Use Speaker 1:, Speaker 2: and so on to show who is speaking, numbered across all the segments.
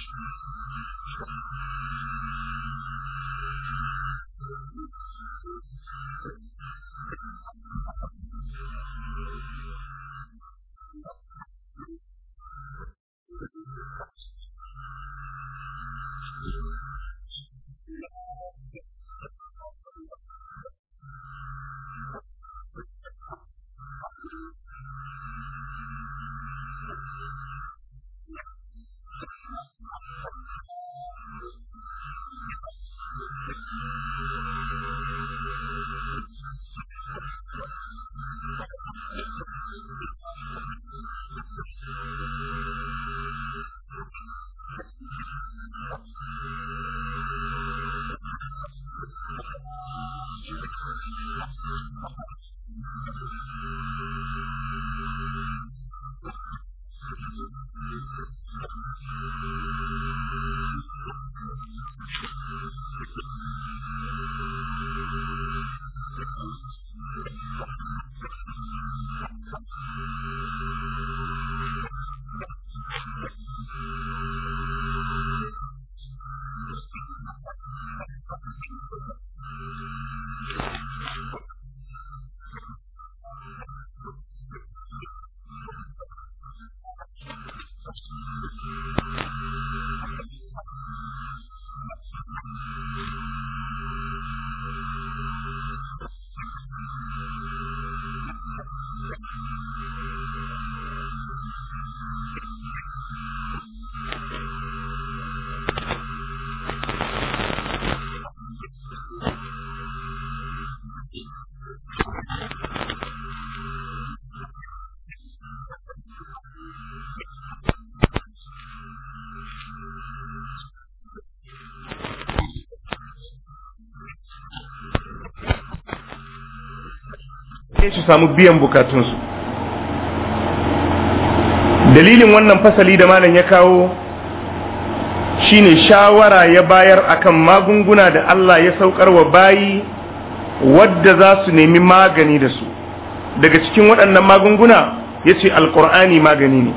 Speaker 1: 失礼します。
Speaker 2: sai su samu biyan bukatunsu dalilin wannan fasali da malam ya kawo shine shawara ya bayar akan magunguna da Allah ya saukar wa bayi wadda za su nemi magani da su daga cikin waɗannan magunguna ya ce alƙur'ani magani ne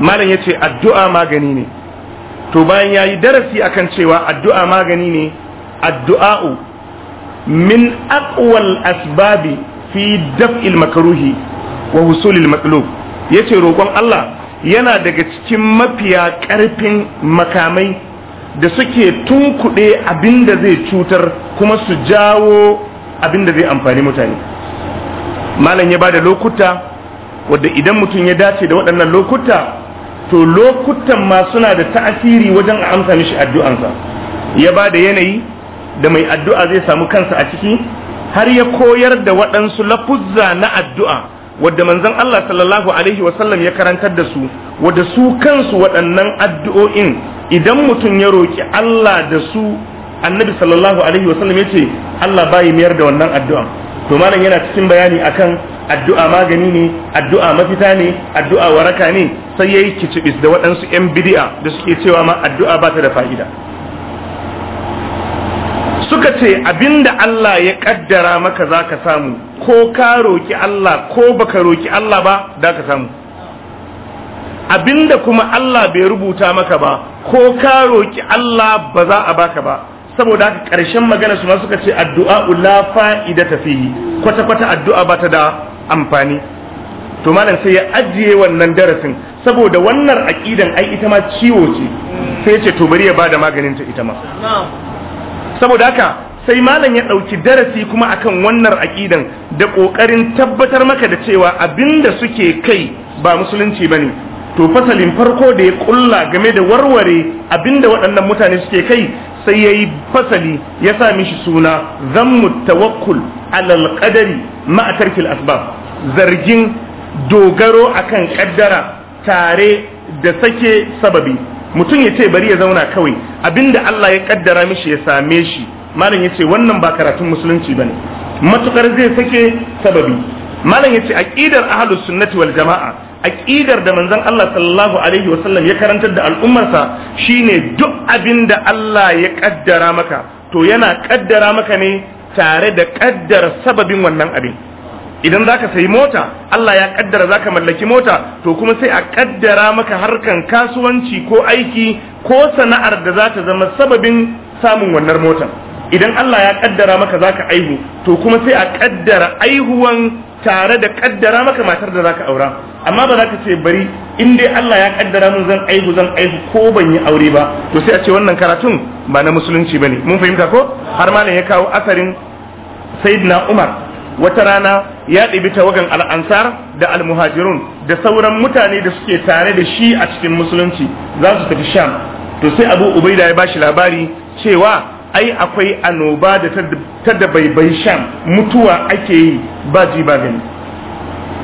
Speaker 2: malam ya ce addu'a magani ne to bayan ya yi darasi akan cewa addu'a magani ne addu'a'u min aqwal asbabi fi daf'il makaruhi wa husulil matlub yace roƙon Allah yana daga cikin mafiya ƙarfin makamai da suke tunkuɗe abinda zai cutar kuma su jawo abinda zai amfani mutane malam ya bada lokuta wadda idan mutum ya dace da waɗannan lokuta to lokutan ma suna da ta'asiri wajen amsa mishi addu'ansa ya bada yanayi da mai addu'a zai samu kansa a ciki har ya koyar da waɗansu lafuzza na addu'a wadda manzon Allah sallallahu alaihi wasallam ya karantar da su wadda su kansu waɗannan addu'o'in idan mutum ya roƙi Allah da su annabi sallallahu alaihi wasallam ya ce Allah bai mayar da wannan addu'a to malam yana cikin bayani akan addu'a magani ne addu'a mafita ne addu'a waraka ne sai yayi kicibis da waɗansu 'yan bidi'a da suke cewa ma addu'a ba ta da fa'ida suka ce abinda Allah ya kaddara maka za ka samu ko ka roki Allah ko baka roki Allah ba za ka samu abinda kuma Allah bai rubuta maka ba ko ka roki Allah ba za a baka ba saboda haka ƙarshen magana su ma suka ce addu'a la ta fihi kwata kwata addu'a ba ta da amfani to malam sai ya ajiye wannan darasin saboda wannan aqidan ai ita ma ciwo ce sai ya ce to bari ya bada maganin ta ita ma saboda haka sai malam ya ɗauki darasi kuma akan wannan aƙidan da ƙoƙarin tabbatar maka da cewa abinda suke kai ba musulunci ba ne to fasalin farko da ya ƙulla game da warware abinda waɗannan mutane suke kai sai ya yi fasali ya sa mishi suna zammu tawakkul alal qadari ma'a asbab zargin dogaro akan ƙaddara tare da sake sababi mutum ya ce bari ya zauna kawai abinda Allah ya kaddara mishi ya same shi malam ya ce wannan ba karatun musulunci ba ne matukar zai sake sababi malam ya ce aqidar ahlus sunnati wal jama'a aqidar da manzon Allah sallallahu alaihi ya karantar da al'ummarsa shine duk abinda Allah ya kaddara maka to yana kaddara maka ne tare da kaddara sababin wannan abin idan za ka sayi mota Allah ya kaddara za ka mallaki mota to kuma sai a kaddara maka harkan kasuwanci ko aiki ko sana'ar da za ta zama sababin samun wannan motar idan Allah ya kaddara maka za ka aihu to kuma sai a kaddara aihuwan tare da kaddara maka matar da za ka aura amma ba za ka ce bari in dai Allah ya kaddara mun zan aihu zan aihu ko ban yi aure ba to sai a ce wannan karatun ba na musulunci ne. mun fahimta ko har malam ya kawo asarin sayyidina Umar wata rana ya ɗibi tawagan al'ansar da almuhajirun da sauran mutane da suke tare da shi a cikin musulunci za su tafi sham to sai abu ubaida ya bashi labari cewa ai akwai annoba da ta da baibai sham mutuwa ake yi ba ji ba gani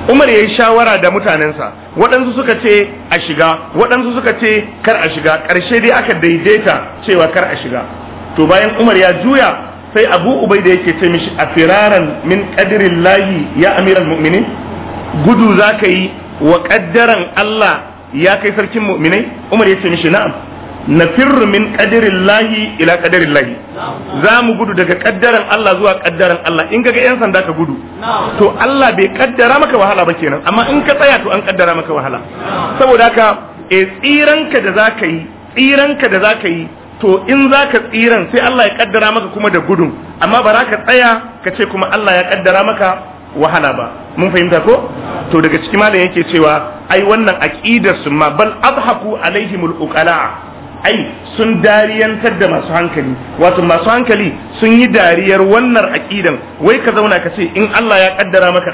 Speaker 2: umar ya yi shawara da mutanensa waɗansu suka ce a shiga waɗansu suka ce kar a shiga ƙarshe dai aka daidaita cewa kar a shiga to bayan umar ya juya sai abu ubai da yake ce mishi a firaran min ƙadirin layi ya amiran mu'minin gudu za ka yi wa ƙaddaran Allah ya kai sarkin mu'minai umar ya ce mishi na'am na firru min ƙadirin layi ila ƙadirin layi za mu gudu daga ƙaddaran Allah zuwa ƙaddaran Allah in ga yan sanda ka gudu to Allah bai ƙaddara maka wahala ba kenan amma in ka tsaya to an ƙaddara maka wahala saboda haka e tsiranka da za ka yi tsiranka da za ka yi to in za ka tsiran sai Allah ya kaddara maka kuma da gudun amma ba za ka tsaya ka ce kuma Allah ya kaddara maka wahala ba mun fahimta ko to daga ciki malam yake cewa ai wannan aqidar su ma bal adhaku alaihimul uqala ai sun dariyantar da masu hankali wato masu hankali sun yi dariyar wannan aqidan wai ka zauna ka ce in Allah ya kaddara maka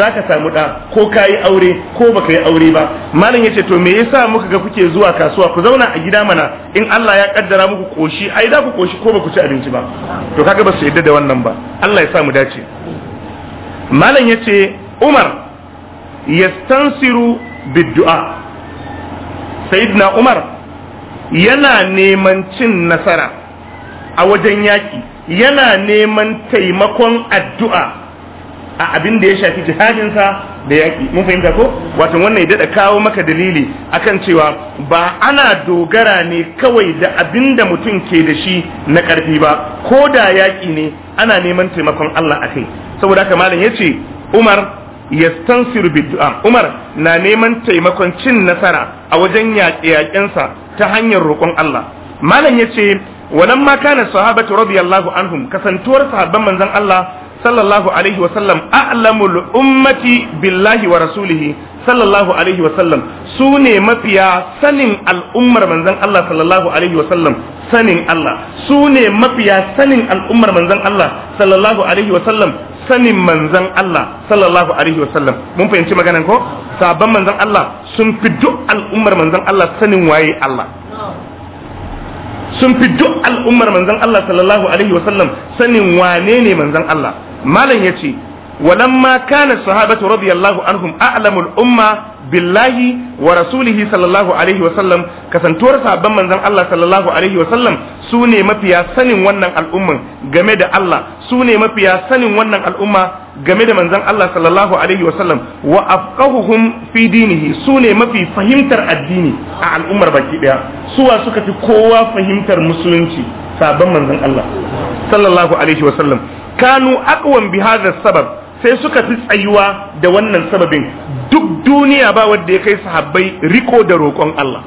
Speaker 2: da ka samu da ko kayi aure ko ka yi aure ba malam yace to me yasa muka ga kuke zuwa kasuwa ku zauna a gida mana in Allah ya kaddara muku koshi ai za ku koshi ko ba ku ci abinci ba to kaga ba su yadda da wannan ba Allah ya sa mu dace malam yace Umar yastansiru biddu'a sayyidina Umar yana neman cin nasara a wajen yaƙi yana neman taimakon addu'a a abin da ya shafi jihadinsa da yaƙi mun fahimta ko wato wannan ya daɗa kawo maka dalili akan cewa ba ana dogara ne kawai da abin da mutum ke da shi na ƙarfi ba ko da yaƙi ne ana neman taimakon Allah a kai saboda haka malam ya ce Umar yastansiru bid'a Umar na neman taimakon cin nasara a wajen yaƙe-yaƙensa ta hanyar roƙon Allah malam ya ce walan ma kana sahabatu radiyallahu anhum kasantuwar sahabban manzon Allah sallallahu alaihi wa sallam a'lamul ummati billahi wa rasulihi sallallahu alaihi wasallam su ne mafiya sanin al'ummar manzon Allah sallallahu alaihi wasallam sanin Allah su ne mafiya sanin al'ummar manzon Allah sallallahu alaihi wasallam sanin manzon Allah sallallahu alaihi wasallam mun fahimci maganan ko sabon manzon Allah sun fi duk al'ummar manzon Allah sanin waye Allah sun fi duk al'ummar manzon Allah sallallahu alaihi wasallam sanin wane ne manzon Allah malam yace ولما كان الصحابة رضي الله عنهم أعلم الأمة billahi wa rasulihi sallallahu alaihi wasallam kasantuwar sabon manzon Allah sallallahu alaihi wasallam su ne mafiya sanin wannan al'umman game da Allah su mafiya sanin wannan al'umma game da manzon Allah sallallahu alaihi wasallam wa afqahuhum fi dinihi su mafi fahimtar addini a al'ummar baki daya suwa suka fi kowa fahimtar musulunci sabon manzon Allah sallallahu alaihi wasallam kanu aqwan bi hadha sabab sai suka fi tsayuwa da wannan sababin duk duniya ba wanda ya kai sahabbai riko da roƙon Allah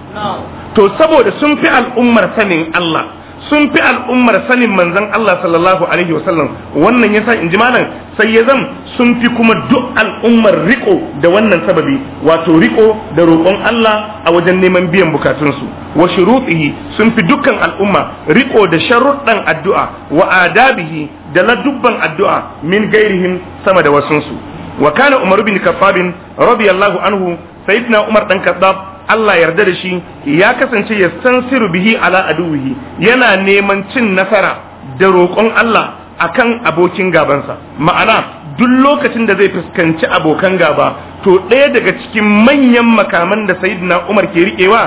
Speaker 2: to saboda sun fi al'ummar sanin Allah sun fi al'ummar sanin manzon Allah sallallahu alaihi wasallam wannan yasa in ji malam sai ya zam sun fi kuma duk al'ummar riko da wannan sababi wato riko da roƙon Allah a wajen neman biyan bukatunsu wa shurutihi sun fi dukkan al'umma riko da sharuɗan addu'a wa adabihi da ladubban addu'a min gairihim sama da wasunsu wa kana umar bin kaffabin radiyallahu anhu sayyidina umar dan kaddab Allah yarda da shi ya kasance ya san siru bihi ala aduhi yana neman cin nasara da roƙon Allah akan abokin gabansa ma'ana duk lokacin da zai fuskanci abokan gaba to ɗaya daga cikin manyan makaman da sayyidina Umar ke riƙewa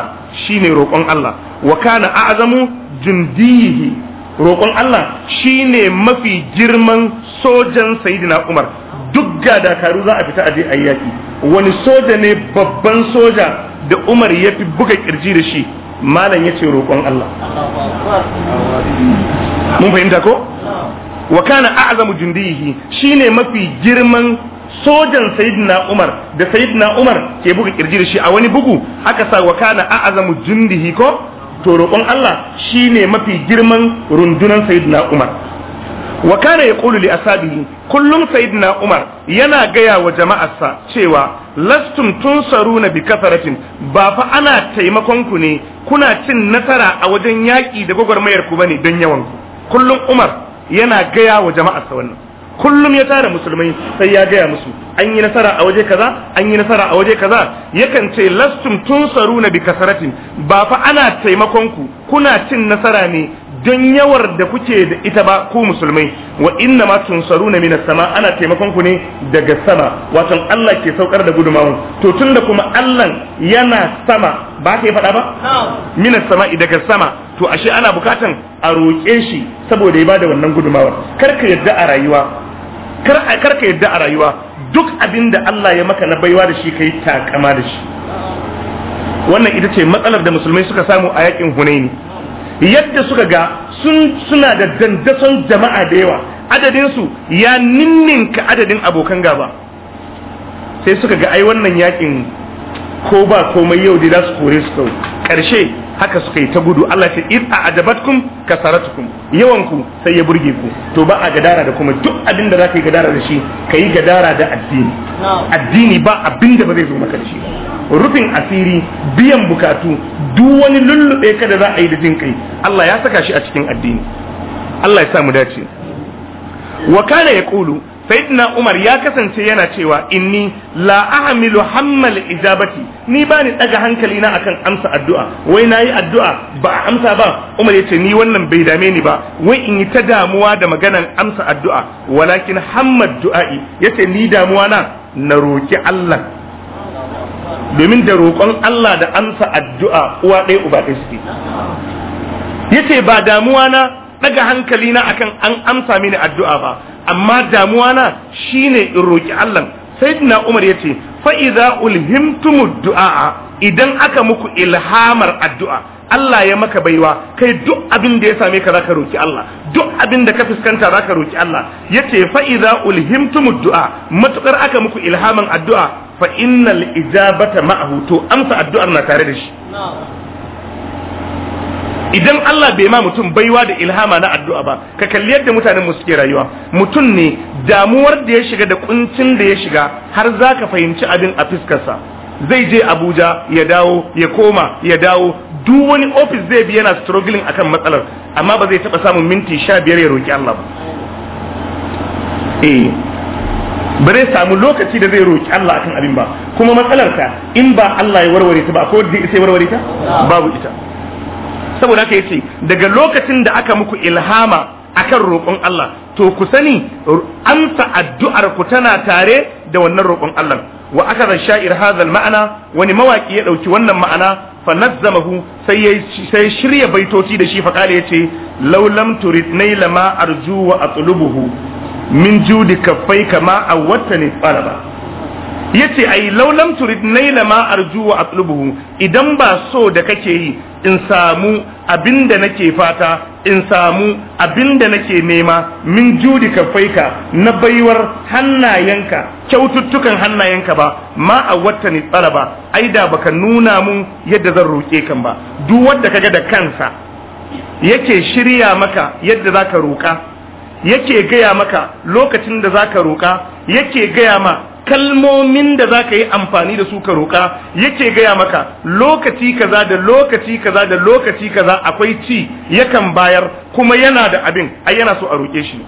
Speaker 2: shine roƙon Allah wa kana a'zamu jundihi roƙon Allah shine mafi girman sojan sayyidina Umar duk ga dakaru za a fita aje a yaki wani soja ne babban soja da umar ya fi buga kirji da shi malam ya ce roƙon Allah mun fahimta ko wa kana a'zamu jundihi shine mafi girman sojan sayyidina Umar da sayyidina Umar ke buga kirji da shi a wani bugu aka sa wa kana a'zamu jundihi ko to roƙon Allah shine mafi girman rundunan sayyidina Umar wa kana yaqulu li ashabihi kullum sayyidina umar yana gaya wa jama'arsa cewa lastum tunsaruna bi kasaratin ba fa ana taimakon ku ne kuna cin nasara a wajen yaki da gwagwarmayar ku bane don yawan ku kullum umar yana gaya wa jama'arsa wannan kullum ya tara musulmai sai ya gaya musu an yi nasara a waje kaza an yi nasara a waje kaza yakan ce lastum tunsaruna bi kasaratin ba fa ana taimakon ku kuna cin nasara ne don yawar da kuke da ita ba ku musulmai wa inna ma tunsaruna minas sama ana taimakon ku ne daga sama watan Allah ke saukar da gudumawa to tunda kuma Allah yana sama ba ka yi faɗa ba minas sama daga sama to ashe ana bukatan a roƙe shi saboda ya bada wannan gudumawar kar ka yadda a rayuwa kar kar ka yadda a rayuwa duk abin da Allah ya maka na baiwa da shi kai takama da shi wannan ita ce matsalar da musulmai suka samu a yakin Hunaini yadda suka ga sun suna da dandason jama'a da yawa adadinsu ya ninninka adadin abokan gaba sai suka ga ai wannan yakin ko ba komai yau dai za su kore su kawai karshe haka suka yi ta gudu Allah ta iz adabatkum kasaratukum ku sai ya burge ku to ba a gadara da kuma duk abin da zaka yi gadara da shi kayi gadara da addini addini ba abinda ba zai zo maka da shi ba rufin asiri biyan bukatu duk wani lullube ka da za a yi da jin kai Allah ya saka shi a cikin addini Allah ya samu dace wa kana yaqulu sayyidina Umar ya kasance yana cewa inni la ahmilu hammal ijabati ni ba ni daga hankali na akan amsa addu'a wai na yi addu'a ba a amsa ba Umar yace ni wannan bai dame ni ba wai in yi ta damuwa da maganan amsa addu'a walakin hammad du'a'i yace ni damuwa na na roki Allah domin da roƙon Allah da amsa addu'a uwa ɗaya uba ɗaya suke ce ba damuwa na ɗaga hankali na akan an amsa mini addu'a ba amma damuwa na shine in roki Allah dina Umar yace fa idza ulhimtum du'a idan aka muku ilhamar addu'a Allah ya maka baiwa kai duk abin da ya same ka zaka roki Allah duk abin da ka fuskanta zaka roki Allah yace fa iza ulhimtum du'a matukar aka muku ilhaman addu'a fa innal ijabata ma'ahu to amsa addu'ar na tare da shi idan Allah bai ma mutum baiwa da ilhama na addu'a ba ka kalli yadda mutanen mu suke rayuwa mutum ne damuwar da ya shiga da kuncin da ya shiga har za ka fahimci abin a fiskarsa zai je Abuja ya dawo ya koma ya dawo duk wani ofis zai bi yana struggling akan matsalar amma ba zai taba samun minti sha biyar ya roki Allah ba eh ba zai samu lokaci da zai roki Allah akan abin ba kuma matsalar ta in ba Allah ya warware ta ba ko da sai warware ta babu ita saboda haka yace daga lokacin da aka muku ilhama akan roƙon Allah to ku sani amsa addu'ar ku tana tare da wannan roƙon Allah wa aka da sha'ir hazal ma'ana wani mawaƙi ya ɗauki wannan ma'ana fa nazzamahu sai sai shirya baitoci da shi fa kale yace laulam turid naila ma arju wa atlubuhu min judi kaffai kama a talaba yace ai laulam turid naila ma arju wa atlubuhu idan ba so da kake yi in samu abinda nake fata in samu abinda nake nema min judi kaffaika na baiwar hannayenka kyaututtukan hannayenka ba ma a wata ni ai da baka nuna mu yadda zan roƙe kan ba duk wanda kaga da kansa yake shirya maka yadda zaka roƙa yake gaya maka lokacin da za ka roƙa yake gaya ma kalmomin da za ka yi amfani da su ka roƙa yake gaya maka lokaci kaza da lokaci kaza da lokaci kaza akwai ci yakan bayar kuma yana da abin ai yana so a roƙe shi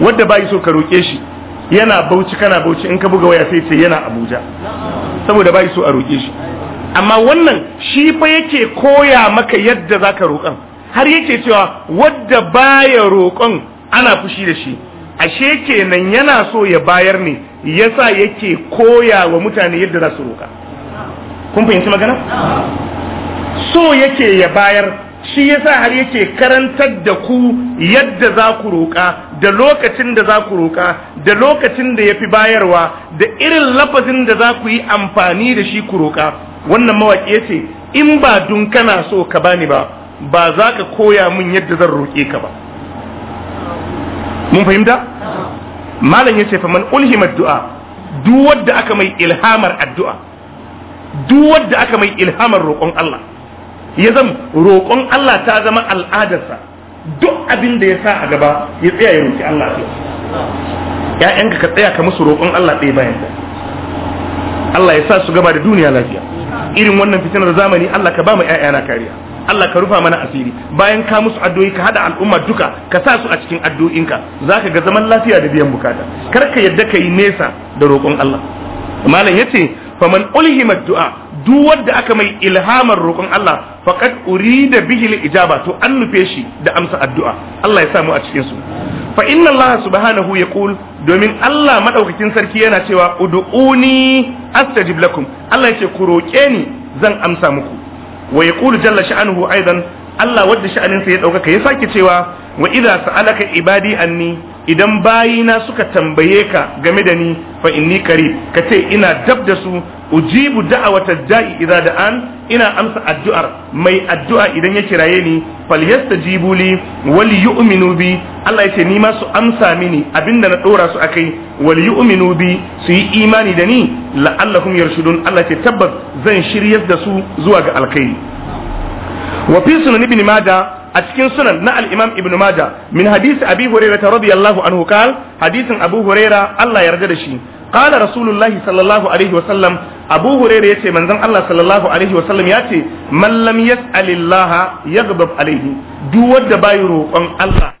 Speaker 2: wanda bai so ka roƙe shi yana bauchi kana bauchi in ka buga waya sai ce yana abuja saboda bai so a roƙe shi amma wannan shi fa yake koya maka yadda za ka roƙan har yake cewa wadda baya roƙon ana fushi da shi ashe kenan yana so ya bayar ne yasa yake koya wa mutane yadda za su roƙa kun fahimci magana so yake ya bayar shi yasa har yake karantar da ku yadda za ku roƙa da lokacin da za ku roƙa da lokacin da ya fi bayarwa da irin lafazin da za ku yi amfani da shi ku roƙa wannan mawaƙi ya in ba dun kana so ka bani ba ba za ka koya min yadda zan roƙe ka ba mun fahimta malam yace fa man ulhima du'a duk wanda aka mai ilhamar addu'a duk wanda aka mai ilhamar roƙon Allah ya zama roƙon Allah ta zama al'adarsa duk abin da ya sa a gaba ya tsaya ya roƙi Allah a ‘ya'yanka ka tsaya ka musu roƙon Allah ɗaya bayan da Allah ya sa su gaba da duniya lafiya irin wannan fitinar zamani Allah ka ba mu ƴaƴana kariya Allah ka rufa mana asiri bayan ka musu addu'o'i ka hada al'umma duka ka sa su a cikin addu'o'inka ka ga zaman lafiya da biyan bukata kar ka yadda ka yi nesa da roƙon Allah malam yace faman ulhimat du'a duk wanda aka mai ilhamar roƙon Allah faqad urida bihi ijaba to an nufe shi da amsa addu'a Allah ya samu a cikin su fa inna Allah subhanahu yaqul domin Allah madaukakin sarki yana cewa ud'uni astajib lakum Allah yace ku roƙe ni zan amsa muku wa yaqulu jalla sha'anuhu aidan Allah wadda sha'anin sa ya dauka ya sake cewa wa idza sa'alaka ibadi anni idan bayina suka tambaye ka game da ni fa inni qarib ka ce ina dab da su ujibu da'awatad da'i idza da'an ina amsa addu'ar mai addu'a idan ya kiraye ni falyastajibu li wal yu'minu bi Allah yace ni ma su amsa mini abinda na dora su akai wal yu'minu bi su yi imani da ni la'allahum yarshudun Allah yace tabbas zan shiryar da su zuwa ga alkai wa fi sunan ibn a cikin sunan na alimam ibnu majah min hadisi abi hurairah radiyallahu anhu kal hadisin abu hurairah Allah ya yarda da shi qala rasulullahi sallallahu alaihi wasallam abu hurairah yace manzon Allah sallallahu alaihi wasallam yace man lam yas'alillah yaghdab alaihi duk wanda bai roƙon Allah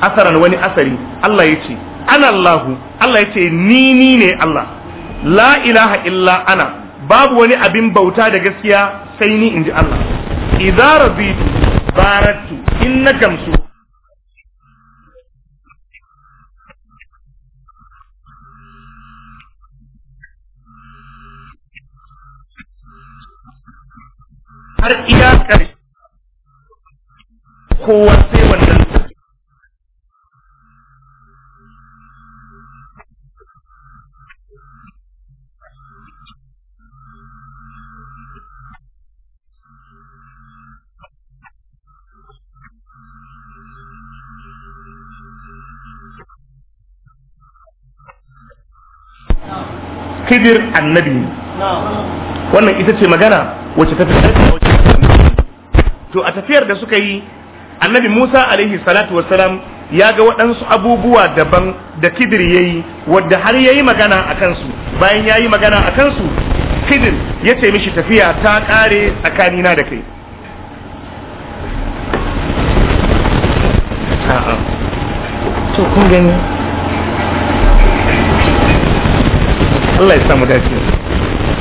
Speaker 2: asaran wani asari Allah ya ce ana Allahu Allah ya ce ni ni ne Allah la ilaha illa ana babu wani abin bauta da gaskiya sai ni in ji Allah idza raditu baratu in na gamsu annabi wannan ita ce magana wacce ta fi to a tafiyar da suka yi annabi musa alaihi salatu wassalam ya ga waɗansu abubuwa daban da kidir ya yi wadda har ya yi magana a kansu bayan ya yi magana a kansu kidir ya ce mishi tafiya ta ƙare tsakanina da kai to kun gani Allah ya samu dace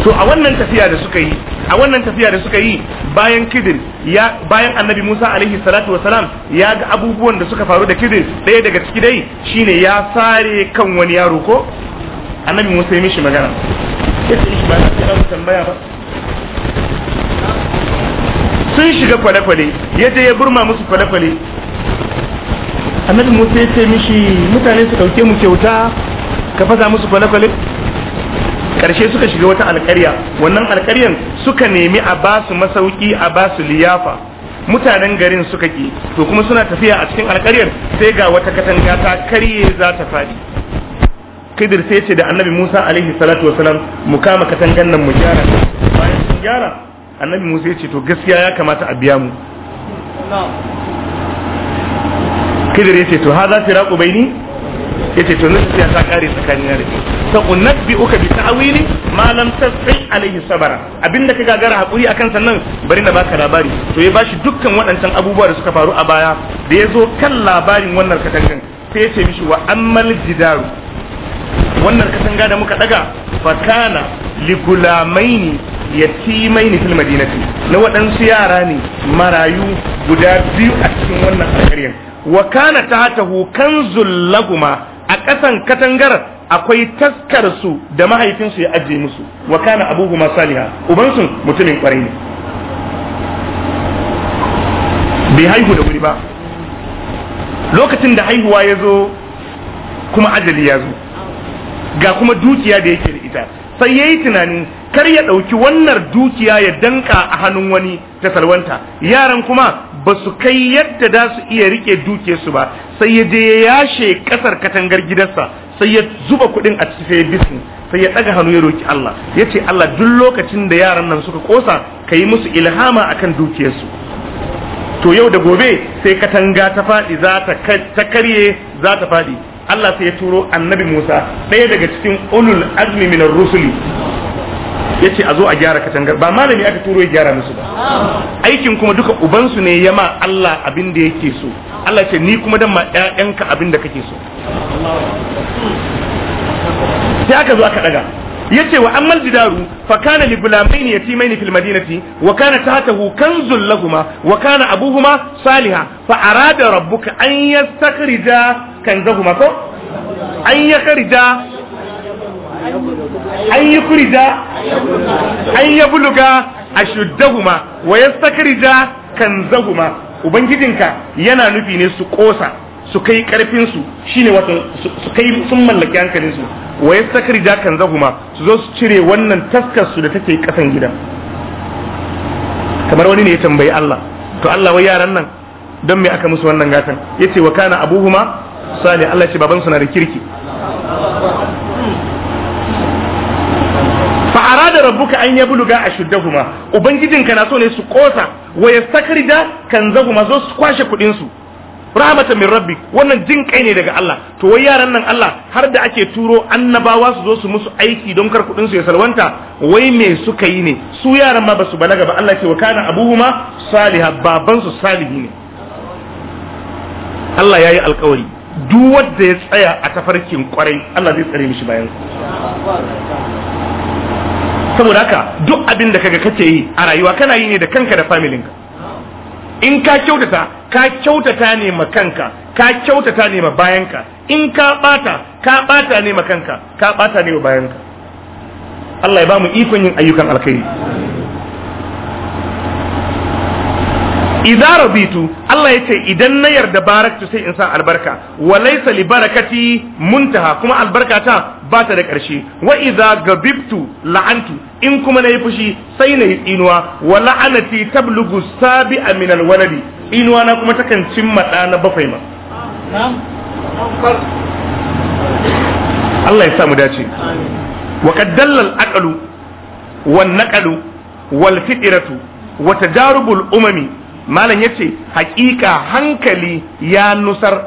Speaker 2: to a wannan tafiya da suka yi a wannan tafiya da suka yi bayan kidir ya bayan annabi Musa alaihi salatu wasalam ya ga abubuwan da suka faru da kidir ɗaya daga ciki dai shine ya sare kan wani yaro ko annabi Musa ya mishi magana yace shi ba za tambaya ba sun shiga kwale-kwale ya je ya burma musu kwale-kwale annabi Musa ya ce mishi mutane su dauke mu kyauta ka fasa musu kwale-kwale karshe suka shiga wata alƙarya wannan alƙaryan suka nemi a ba su masauki a ba su liyafa mutanen garin suka ki to kuma suna tafiya a cikin alƙaryar sai ga wata katanga ta karye za ta faɗi kidir sai ce da annabi musa alaihi salatu wasalam mu kama katangan nan mu gyara bayan sun gyara annabi musa ya ce to gaskiya ya kamata a biya mu kidir ya ce to ha za su raƙo bai ni yace to nan ta kare tsakanin da kai sa unabbi uka bi ta'wili ma lam tasfi alaihi sabara abinda ka gagara hakuri akan sannan bari na baka labari to ya bashi dukkan waɗancan abubuwa da suka faru a baya da ya zo kan labarin wannan katangan sai ya ce mishi wa ammal jidaru wannan katanga da muka daga fakana ligulamaini yatimaini fil madinati na waɗansu yara ne marayu guda biyu a cikin wannan alƙaryar wa kana tahtahu kanzul laguma a ƙasan katangar akwai taskar su da mahaifinsu ya ajiye musu wa kana abuhuma saliha ubansu mutumin kwarai ne bai haihu da wuri ba lokacin da haihuwa ya zo kuma ajali ya zo ga kuma dukiya da yake da ita sai ya yi tunani kar ya ɗauki wannan dukiya ya danka a hannun wani ta salwanta yaran kuma ba su kai yadda da su iya rike dukiyarsu ba sai ya je ya yashe ƙasar katangar gidansa sai ya zuba kuɗin a ciki sai ya bisu sai ya ɗaga hannu ya roki Allah ya ce Allah duk lokacin da yaran nan suka kosa ka yi musu ilhama akan dukiyarsu to yau da gobe sai katanga ta faɗi za ta karye za ta faɗi Allah sai ya turo annabi Musa ɗaya daga cikin ulul azmi minar rusuli yace a zo a gyara katangar ba malami aka turo ya gyara musu ba aikin kuma duka ubansu ne yama Allah abin da yake so Allah ce ni kuma dan ma ƴaƴanka abin da kake so sai aka zo aka daga yace wa ammal jidaru fa kana li gulamain yatimain fil madinati wa kana tahtahu kanzul lahumma wa kana abuhuma saliha fa arada rabbuka an yastakhrija kanzahuma ko an yakhrija
Speaker 3: an yi kurija
Speaker 2: an ya buluga a shuddahuma wa ya sakarija kan zahuma ubangijinka yana nufi ne su kosa su kai karfinsu shine wato su kai sun mallaki hankalinsu wa ya sakarija kan zahuma su zo su cire wannan taskarsu da take kasan gidan kamar wani ne ya tambayi Allah to Allah wai yaran nan don me aka musu wannan gatan yace wa kana abuhuma salih Allah ya ce babansu na da kirki arada rabbuka an yabluga ubangijin ka na so ne su kosa wa yastakrida kanzahuma zo su kwashe kudin su rahmatan min rabbi wannan jin kai ne daga Allah to wai yaran nan Allah har da ake turo annabawa su zo su musu aiki don kar kudin su ya salwanta wai me suka yi ne su yaran ma basu balaga ba Allah ce wa kana abuhuma salihah baban su salihi ne Allah yayi alkawari duk wanda ya tsaya a tafarkin kwarai Allah zai tsare mishi bayan saboda haka duk abin da kaga kake yi a rayuwa kana yi ne da kanka da familin ka in ka kyautata ka kyautata ne ma kanka ka kyautata ne ma bayanka in ka bata ka bata ne ma kanka ka bata ne ma bayanka Allah ya ba mu ikon yin ayyukan alkhairi idza raditu Allah yace idan na yarda baraktu sai in sa albarka wa laysa barakati muntaha kuma albarkata ba ta da ƙarshe waiza idza gabibtu la'antu in kuma nayi fushi sai nayi tsinuwa wa la'anati tablugu sabi'a min alwaladi inuwa kuma takan cimma ɗa na bakwai ma Allah ya samu dace wa qad dalla al-aqlu wal fitratu wa tajarubul umami malam ya ce hakika hankali ya nusar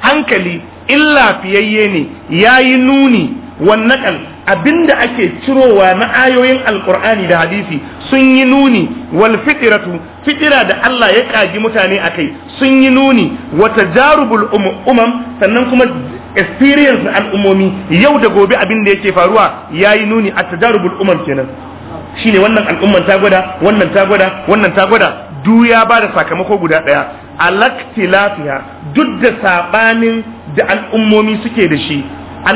Speaker 2: hankali illa fiyayye ne ya yi nuni wannan abinda ake cirowa na ayoyin alkur'ani da hadisi sun yi nuni wal fitiratu fitira da Allah ya kaji mutane akai sun yi nuni wa tajarubul um-, umam sannan kuma experience na al'ummomi yau da gobe abin da yake faruwa yayi nuni a tajarubul umam kenan shine wannan al'umman ta gwada wannan ta gwada wannan ta du ya ba da sakamako guda ɗaya alaktilafiya duk da saɓanin da al'ummomi suke da shi a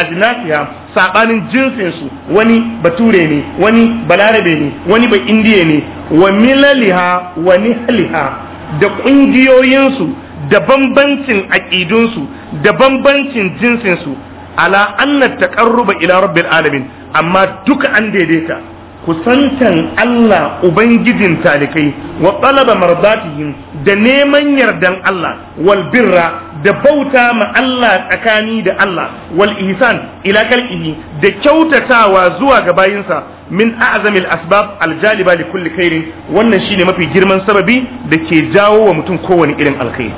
Speaker 2: ajinafiya saɓanin jinsinsu wani bature ne wani balarabe ne wani ba indiya ne wa milaliha wa nihaliha da ƙungiyoyinsu da bambancin aƙidunsu da bambancin jinsinsu ala anna taqarruba ila rabbil alamin amma duka an daidaita kusantan Allah ubangijin talikai wa talaba mardatihim da neman yardan Allah wal birra da bauta ma Allah tsakani da Allah wal ihsan ila kalqihi da kyautatawa zuwa ga bayinsa min a'zamil asbab aljaliba li kulli khairin wannan shine mafi girman sababi da ke jawo wa mutum kowane irin alkhairi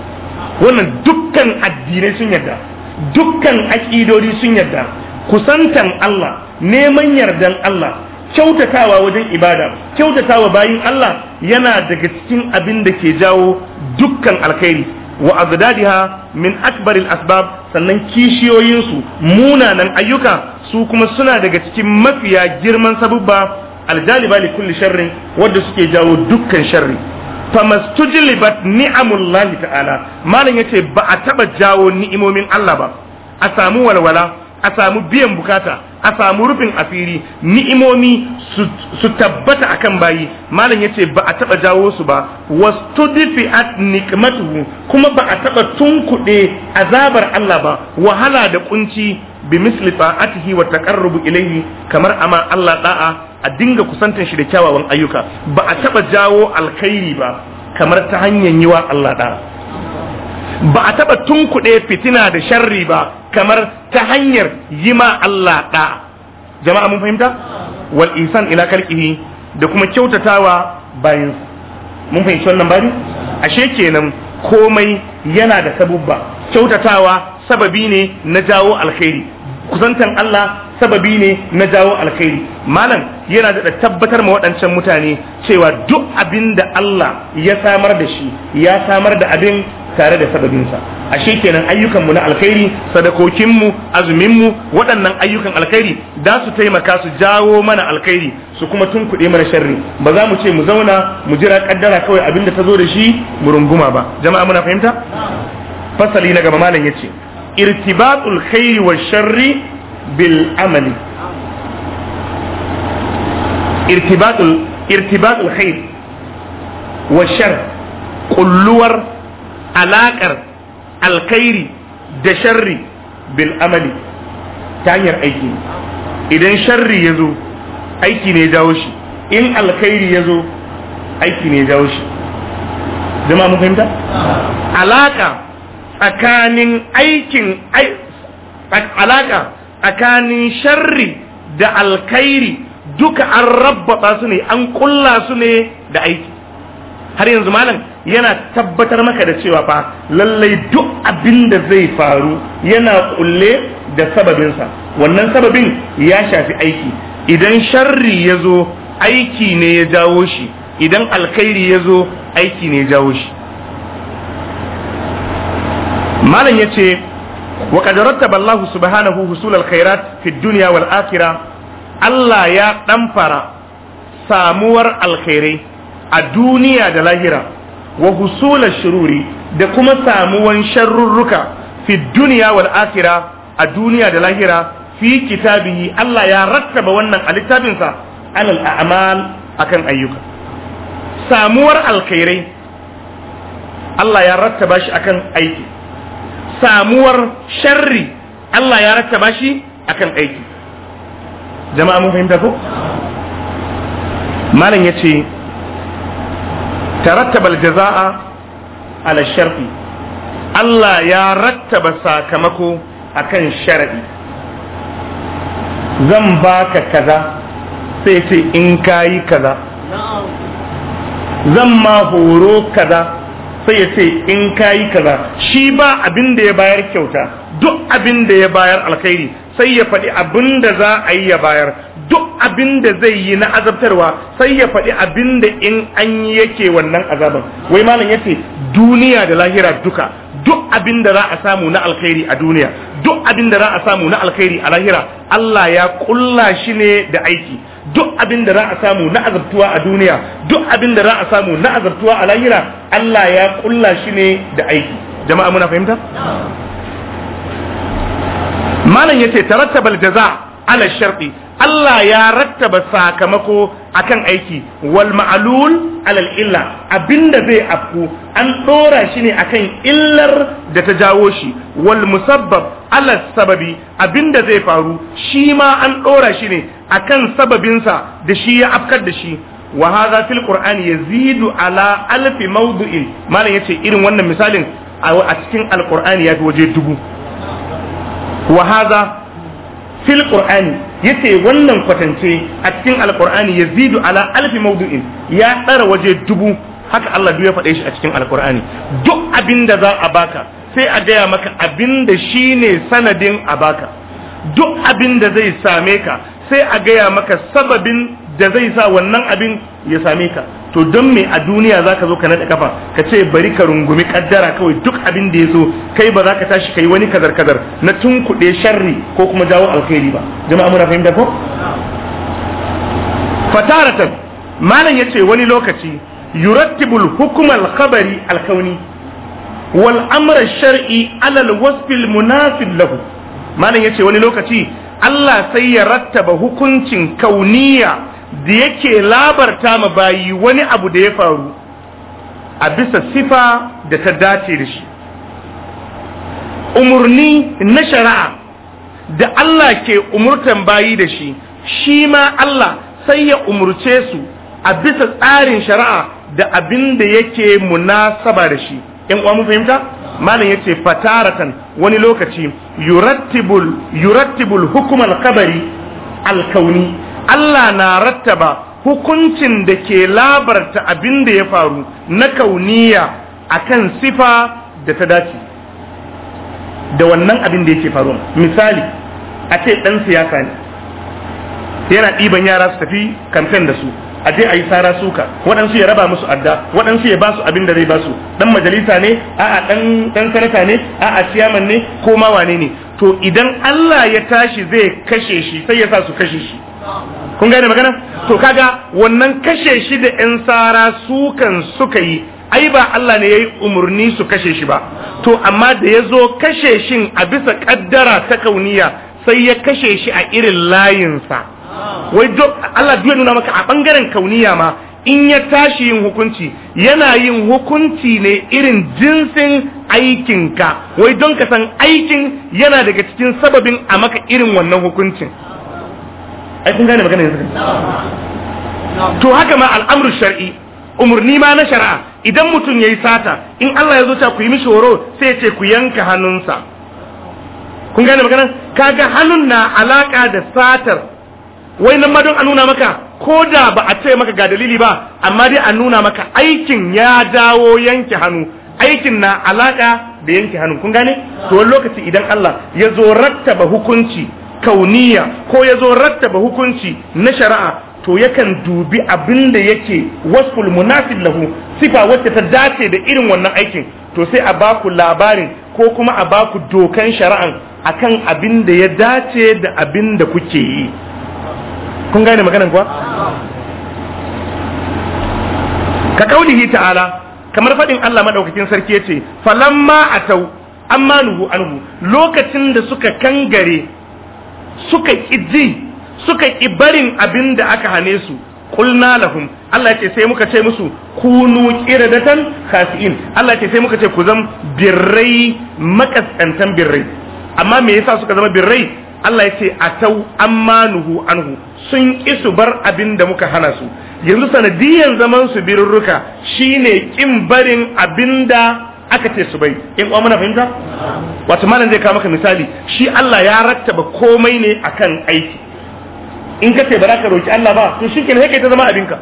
Speaker 2: wannan dukkan addinai sun yarda dukkan aqidodi sun yarda kusantan Allah neman yardan Allah kyautatawa wajen ibada kyautatawa bayin Allah yana daga cikin abin da ke jawo dukkan alkhairi wa azdadiha min akbaril asbab sannan kishiyoyinsu munanan ayyuka su kuma suna daga cikin mafiya girman sabubba aljaliba li kulli sharrin wanda suke jawo dukkan sharri famastujlibat ni'amullahi ta'ala malam yace ba a taba jawo ni'imomin Allah ba a samu walwala a samu biyan bukata a samu rufin asiri ni'imomi su tabbata a kan bayi malam ya ce ba a taba jawo su ba wastudfi'at nikmatuhu kuma ba a taba tunkuɗe azabar Allah ba wahala da kunci bi misli ta'atihi wa taqarrubu ilayhi kamar ama Allah da'a a dinga kusantar shi da kyawawan ayyuka ba a taba jawo alkhairi ba kamar ta hanyar yiwa Allah da'a ba a taɓa tunkuɗe fitina da sharri ba kamar ta hanyar yi ma Allah ɗa. jama'a mun fahimta wal isan ila kalqihi da kuma kyautatawa bayan mun fahimci wannan bari ashe kenan komai yana da sabubba kyautatawa sababi ne na jawo alkhairi kusantan Allah sababi ne na jawo alkhairi malam yana da tabbatar ma waɗancan mutane cewa duk abin da Allah ya samar da shi ya samar da abin tare da sababinsa ashe kenan ayyukanmu na alkhairi sadakokinmu azuminmu waɗannan ayyukan alkhairi da su taimaka su jawo mana alkhairi su kuma tunkuɗe mana sharri ba za mu ce mu zauna mu jira kaddara kawai abinda ta zo da shi mu runguma ba jama'a muna fahimta fasali na gaba malam yace irtibatul khairi wa sharri bil amali irtibatul irtibatul khair wa shar kulluwar alaƙar alkhairi da sharri bil amali ta hanyar aiki idan sharri ya zo aiki ne jawo shi in alkhairi ya zo aiki ne jawo shi zama mun fahimta alaƙa tsakanin aikin alaƙa tsakanin sharri da alkhairi duka an rabbata su ne an kulla su ne da aiki har yanzu malam yana tabbatar maka da cewa fa lallai duk abin da zai faru yana kulle da sababinsa wannan sababin ya shafi aiki idan sharri ya zo aiki ne ya jawo shi idan alkhairi ya zo aiki ne ya jawo shi malam ya ce wa ƙadarar ballahu subhanahu husul alkhairat fi duniya wal akhira Allah ya ɗamfara samuwar alkhairai a duniya da lahira wa husula shururi da kuma samuwan sharrurruka fi duniya wal akhira a duniya da lahira fi kitabihi Allah ya rattaba wannan a littafinsa alal a'mal akan ayyuka samuwar alkhairai Allah ya rattaba shi akan aiki samuwar sharri Allah ya rattaba shi akan aiki jama'a mun fahimta ko malam yace tarattaba aljaza'a ala sharfi Allah ya rattaba sakamako akan sharadi zan baka kaza sai ce in kayi kaza zan ma horo kaza sai ya ce in kayi kaza shi ba abin da ya bayar kyauta duk abin da ya bayar alkhairi sai ya faɗi abin da za a yi ya bayar duk abin da zai yi na azabtarwa sai ya faɗi abin da in an yake wannan azaban wai malam ya ce duniya da lahira duka duk abin da za a samu na alkhairi a duniya duk abin da za a samu na alkhairi a lahira Allah ya kulla shi ne da aiki duk abin da za a samu na azabtuwa a duniya duk abin da za a samu na azabtuwa a lahira Allah ya kulla shi ne da aiki jama'a muna fahimta malam yace tarattabal jaza ala sharti Allah ya rattaba sakamako akan aiki wal ma'lul alal illa abinda zai afku an dora shi ne akan illar da ta jawo shi wal musabbab alal sababi abinda zai faru shi ma an dora shi ne akan sababinsa da shi ya afkar da shi wa hadha fil qur'ani yazidu ala alf mawdu'in malam yace irin wannan misalin a cikin alqur'ani ya fi waje dubu wa hadha fil qur'ani yace wannan kwatance a cikin alqur'ani yazidu ala alfi mawdu'in ya tsara waje dubu haka Allah duk ya faɗe shi a cikin alqur'ani duk abinda za a baka sai a gaya maka abinda shine sanadin a baka duk abinda zai same ka sai a gaya maka sababin da zai sa wannan abin ya same ka to don me a duniya za ka zo ka naɗa kafa ka ce bari ka rungumi kaddara kawai duk abin da ya zo kai ba za ka tashi kai wani kazar kazar na tunkuɗe sharri ko kuma jawo alkhairi ba jama'a muna fahimta ko fataratan malam ce wani lokaci yurattibul hukumar khabari alkauni wal amra shar'i alal wasfil munasib lahu malam ce wani lokaci Allah sai ya rattaba hukuncin kauniya da yake labarta ma bayi wani abu da ya faru a bisa sifa da ta dace da shi Umarni na shari'a da Allah ke umurtan bayi da shi shi ma Allah sai ya umurce su a bisa tsarin shari'a da abin da yake munasaba da shi in uwa fahimta malam yace fataratan wani lokaci yurattibul hukumar kabari alkauni. Allah na rattaba hukuncin da ke labarta abin da ya faru na kauniya a kan sifa da ta dace da wannan abin da yake faruwa misali a ce ɗan siyasa ne yana ɗiban yara su tafi kamfen da su a je a yi sara suka waɗansu ya raba musu adda waɗansu ya ba su abin da zai ba su ɗan majalisa ne a ɗan ɗan sanata ne a'a siyaman ne ko ma wane ne to idan Allah ya tashi zai kashe shi sai ya sa su kashe shi kun gane magana to kaga wannan kashe shi da yan sara sukan suka yi ai ba Allah ne yayi umurni su kashe shi ba to amma da yazo kashe shin a bisa kaddara ta kauniya sai ya kashe shi a irin layinsa wai Allah duk nuna maka a bangaren kauniya ma in ya tashi yin hukunci yana yin hukunci ne irin jinsin aikinka wai don ka san aikin yana daga cikin sababin a maka irin wannan hukuncin ai kun gane magana yanzu to haka ma al'amru shar'i umurni ma na shari'a idan mutum yayi sata in Allah ya zo ta ku yi mishi horo sai ya ce ku yanka hannunsa kun gane magana kaga hannun na alaka da satar wai nan ma don a nuna maka ko da ba a ce maka ga dalili ba amma dai a nuna maka aikin ya dawo yanke hannu aikin na alaka da yanke hannu kun gane to wani lokaci idan Allah ya zo rattaba hukunci kauniya ko ya zo rattaba hukunci na shari'a to yakan dubi abin da yake wasful munafil lahu sifa wacce ta dace da irin wannan aikin to sai a baku labarin ko kuma a baku dokan shari'an akan abin da ya dace da abin da kuke yi kun gane maganan kuwa ka kaulihi ta'ala kamar faɗin Allah maɗaukakin sarki yace falamma atau amma nuhu anhu lokacin da suka kangare suka ƙi suka ƙi barin abin da aka hane su kulna lahum Allah ce sai muka ce musu kunu qiradatan khasiin Allah ce sai muka ce ku zam birrai makaskantan birrai amma me yasa suka zama birrai Allah ya ce atau ammanuhu anhu sun ki su bar abin da muka hana su yanzu sanadiyan zaman su birruka shine kin barin abin da aka ce su bai in kuma muna fahimta wato malam zai kawo maka misali shi Allah ya rattaba komai ne akan aiki in ka ce ba za ka roki Allah ba to shi sai kai ta zama abinka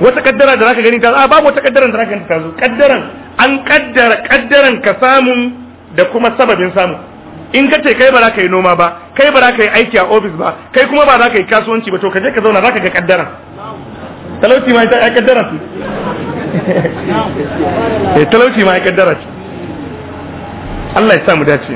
Speaker 2: wata kaddara da zaka gani ta a babu wata kaddara da zaka gani ta zo kaddaran an kaddara kaddaran ka samun da kuma sababin samu in ka ce kai ba za ka yi noma ba kai ba za ka yi aiki a ofis ba kai kuma ba za ka yi kasuwanci ba to ka je ka zauna za ka ga kaddaran talauci ma ita ya kaddara E, talauci ma ya kaddara ce Allah ya sa mu dace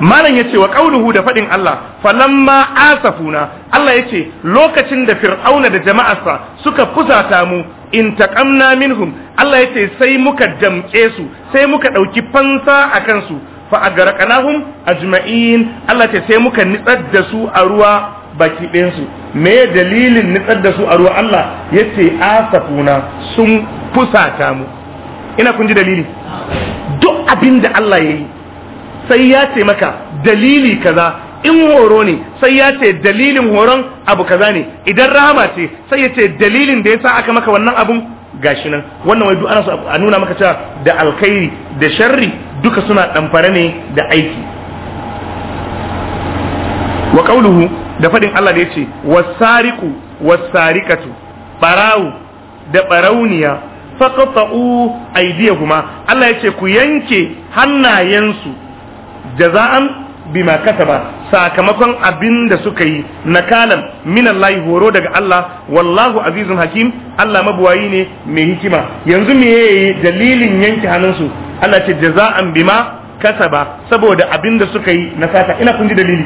Speaker 2: malam yace wa qauluhu da fadin Allah falamma asafuna Allah yace lokacin da fir'auna da jama'arsa suka fusata mu in taqamna minhum Allah yace sai muka damke su sai muka dauki fansa akan su fa agarqanahum ajma'in Allah yace sai muka nitsar da su a ruwa baki ɗayansu me dalilin nitsar da su a ruwa Allah ya ce asafuna sun fusata mu ina kun ji dalili duk abin da Allah ya yi sai ya ce maka dalili kaza in horo ne sai ya ce dalilin horon abu kaza ne idan rahama ce sai ya ce dalilin da ya sa aka maka wannan abun gashi nan wannan wai duk ana so a nuna maka cewa da alkhairi da sharri duka suna ɗamfare ne da aiki wa ƙauluhu da faɗin Allah da ya ce wasariku wasarikatu barawu da barauniya faqta'u aydiyahuma Allah ya ce ku yanke hannayensu jaza'an bima kasaba sakamakon abin da suka yi nakalan minallahi horo daga Allah wallahu azizun hakim Allah mabuwayi ne mai hikima yanzu me dalilin yanke hannunsu Allah ce jaza'an bima kasaba saboda abin da suka yi na sata ina kun ji dalili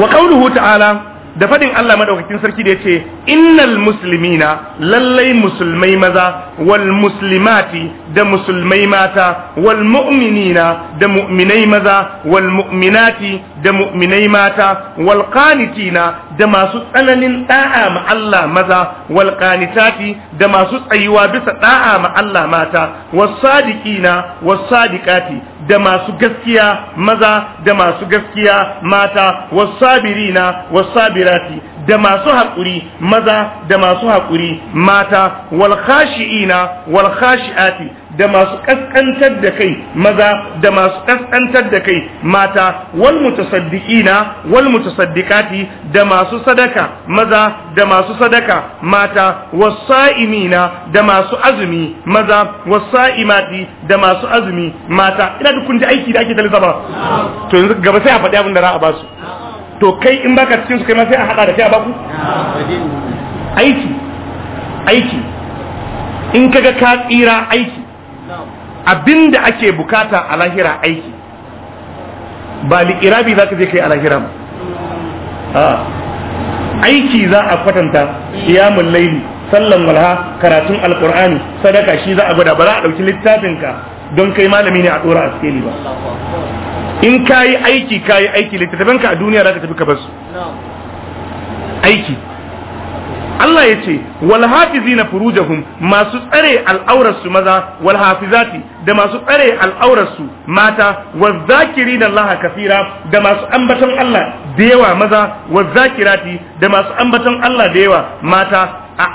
Speaker 2: wa qauluhu ta'ala da fadin Allah madaukakin sarki da ce, innal muslimina lallai musulmai maza wal muslimati da musulmai mata wal mu'minina da mu'minai maza wal mu'minati da mu'minai mata wal qanitina da masu tsananin da'a ma Allah maza wal qanitati da masu tsayuwa bisa da'a ma Allah mata was sadiqina was sadiqati da masu gaskiya maza da masu gaskiya mata wasabirina wasabirati da masu haƙuri maza da masu haƙuri mata wal khashi'ina da masu ƙasƙantar da kai maza da masu ƙasƙantar da kai mata wal mutasaddiqina da masu sadaka maza da masu sadaka mata wasa'imina da masu azumi maza wasa'imati da masu azumi mata ina dukkan aiki da ake da lissafa to yanzu gaba sai a faɗi abin da za a ba su to kai in baka cikin su kai ma sai a hada da kai a baku aiki aiki in kaga ka tsira aiki abinda ake bukata a lahira aiki ba li'irabi za ka je kai a lahira ba aiki za a kwatanta siyamun laili sallan walha karatun alkur'ani sadaka shi za a gwada ba za a ɗauki littafinka don kai malami ne a ɗora a ba in kayi aiki kayi aiki littattafan ka a duniya ka tafi ka bar su aiki Allah ya ce wal hafizina furujahum masu tsare al'aurar su maza wal hafizati da masu tsare al'aurar su mata wal zakirina Allah kafira da masu ambaton Allah da yawa maza wal zakirati da masu ambaton Allah da yawa mata a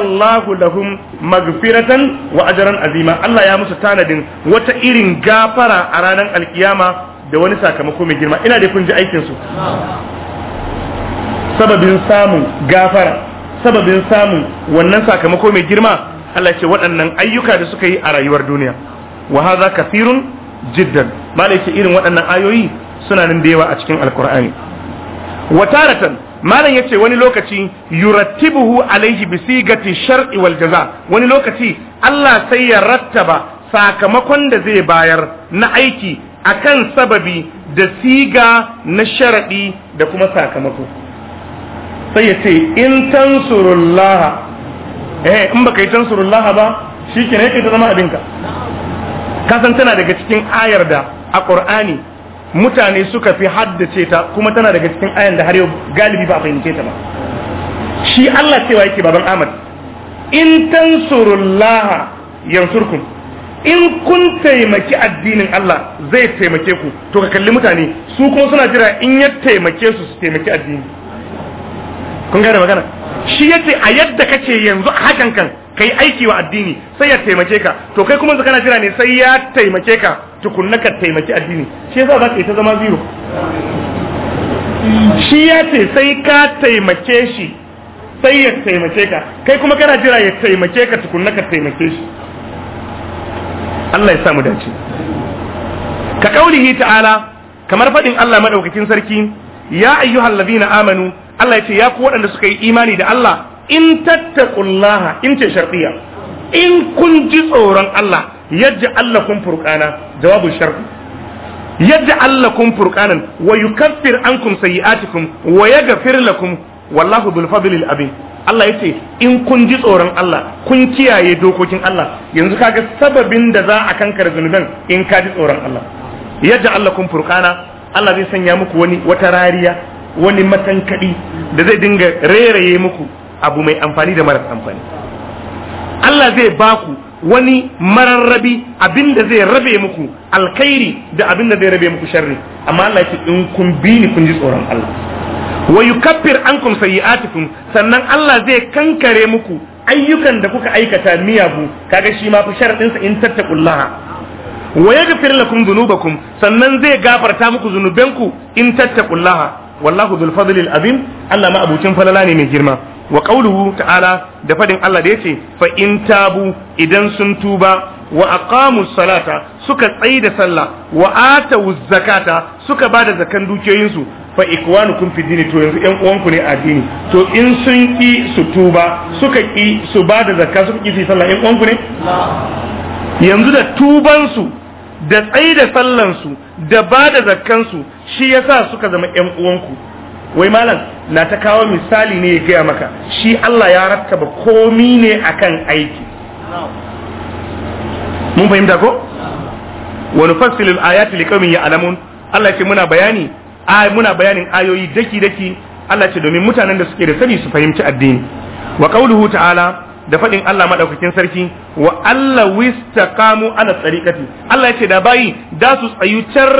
Speaker 2: Allahu lahum magfiratan wa ajran azima Allah ya musu tanadin wata irin gafara a ranar alkiyama da wani sakamako mai girma ina da kun ji aikin su sababin samun gafara sababin samun wannan sakamako mai girma Allah ce waɗannan ayyuka da suka yi a rayuwar duniya wa hadha kathirun jiddan malai ce irin waɗannan ayoyi suna nan da yawa a cikin alkur'ani wa taratan malam ce wani lokaci yurattibuhu alaihi bi sigati shar'i wal jaza wani lokaci Allah sai ya rattaba sakamakon da zai bayar na aiki akan sababi da siga na sharaɗi da kuma sakamako sai ya ce in tansurullaha eh in baka yi tansurullaha ba shi ke ne ta zama abinka kasan tana daga cikin ayar da a ƙur'ani mutane suka fi haddace ta kuma tana daga cikin ayar da har yau galibi ba a fahimce ta ba shi Allah cewa yake baban Ahmad in tansurullaha yansurkum in kun taimaki addinin Allah zai taimake ku to ka kalli mutane su kuma suna jira in ya taimake su su taimaki addini kun gane magana shi yace a yadda kace yanzu a hakan kan kai aiki wa addini sai ya taimake ka to kai kuma kana jira ne sai ya taimake ka tukunna ka taimaki addini shi yasa za ka ta zama zero shi ya ce sai ka taimake shi sai ya taimake ka kai kuma kana jira ya taimake ka tukunna ka taimake shi Allah ya samu dace ka kaulihi ta'ala kamar fadin Allah madaukakin sarki ya ayyuhal ladina amanu Allah ya ce ya ku waɗanda suka yi imani da Allah in tattaqullaha in ce shartiya in kun ji tsoron Allah yadda Allah kun furkana, jawabu sharti Yadda Allah kun furkanan, wa yukaffir ankum sayi'atikum wa yaghfir lakum wallahu dhul fadlil abin Allah ya ce in kun ji tsoron Allah kun kiyaye dokokin Allah yanzu kaga sababin da za a kankar zunuban in ka ji tsoron Allah yadda Allah kun furkana Allah zai sanya muku wani wata rariya wani matankadi da zai dinga reraye muku abu mai amfani da maras amfani Allah zai baku wani mararrabi abin zai rabe muku alkhairi da abin da zai rabe muku sharri amma Allah ya ce in kun bi ni kun ji tsoron Allah wa yukaffir ankum sayyi'atikum sannan Allah zai kankare muku ayyukan da kuka aikata miyagu kaga shi ma fi sharadin sa in tattaqullaha wa yaghfir lakum dhunubakum sannan zai gafarta muku zunubanku in tattaqullaha wallahu bil fadli al azim Allah ma abucin falala ne mai girma wa qauluhu ta'ala da fadin Allah da yace fa in tabu idan sun tuba wa aqamu salata suka tsayi da sallah wa zakata suka bada zakan dukiyoyinsu fa ikwanukum fi dini to yanzu ƴan uwanku ne a dini to in sun ki su tuba suka ki su bada zakka suka ki su sallah ƴan uwanku ne yanzu da tubansu da tsayi da sallansu da bada zakkansu shi yasa suka zama ƴan uwanku wai malam na ta kawo misali ne ya gaya maka shi Allah ya rattaba komi ne akan aiki mun fahimta ko wa nufassilu al-ayati liqaumin ya'lamun Allah ce muna bayani ay muna bayanin ayoyi daki daki Allah ce domin mutanen da suke da sani su fahimci addini wa qauluhu ta'ala da faɗin Allah maɗaukakin sarki wa Allah wistaqamu ala tsariƙati Allah ya ce da bayi da su tsayu car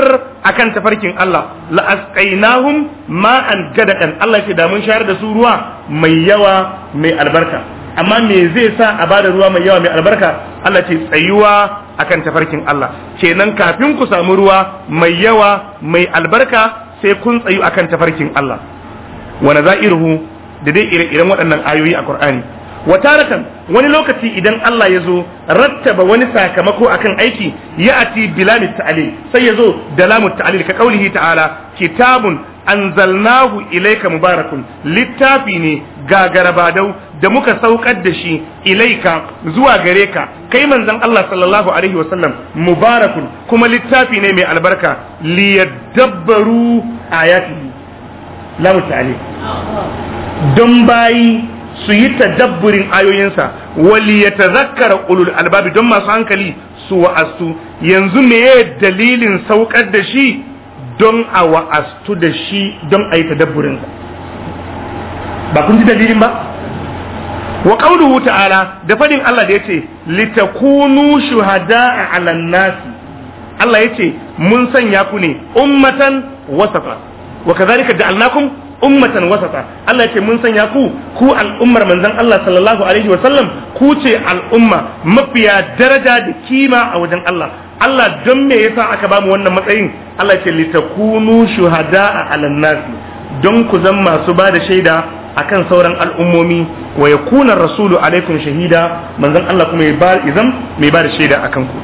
Speaker 2: akan tafarkin Allah la asqainahum ma'an gadadan Allah ya ce da mun shayar da su ruwa mai yawa mai albarka amma me zai sa a bada ruwa mai yawa mai albarka Allah ce tsayuwa akan tafarkin Allah kenan kafin ku samu ruwa mai yawa mai albarka sai kun tsayu akan tafarkin Allah wa ruhu da dai ire-iren waɗannan ayoyi a Qur'ani wa taratan wani lokaci idan Allah ya zo rattaba wani sakamako akan aiki ya ati bilamit ta'alil sai ya zo da lamut ta'alil ka kaulihi ta'ala kitabun anzalnahu ilaika mubarakun littafi ne ga garabadau da muka saukar da shi ilaika zuwa gare ka kai manzon Allah sallallahu alaihi wasallam mubarakun kuma littafi ne mai albarka liyadabbaru ayatihi la mutane don bayi su yi tadabburin ayoyinsa wali ya tazakkara ulul albabi don masu hankali su wa'astu yanzu me dalilin saukar da shi don a wa'astu da shi don a yi tadabburinsa ba kun ji dalilin ba wa qawluhu ta'ala da fadin Allah da yace litakunu a 'alan nasi Allah ya ce mun sanya ku ne ummatan wasafa wa kadhalika kun. ummatan wasata Allah ce mun sanya ku ku al'ummar manzon Allah sallallahu alaihi wa sallam ku ce al'umma mafiya daraja da kima a wajen Allah Allah don me yasa aka bamu wannan matsayin Allah ce litakunu shuhada'a 'alan nasi don ku zama masu ba da shaida akan sauran al'ummomi wa yakuna rasulu alaikum shahida manzon Allah kuma ya ba izam mai ba da shaida akan ku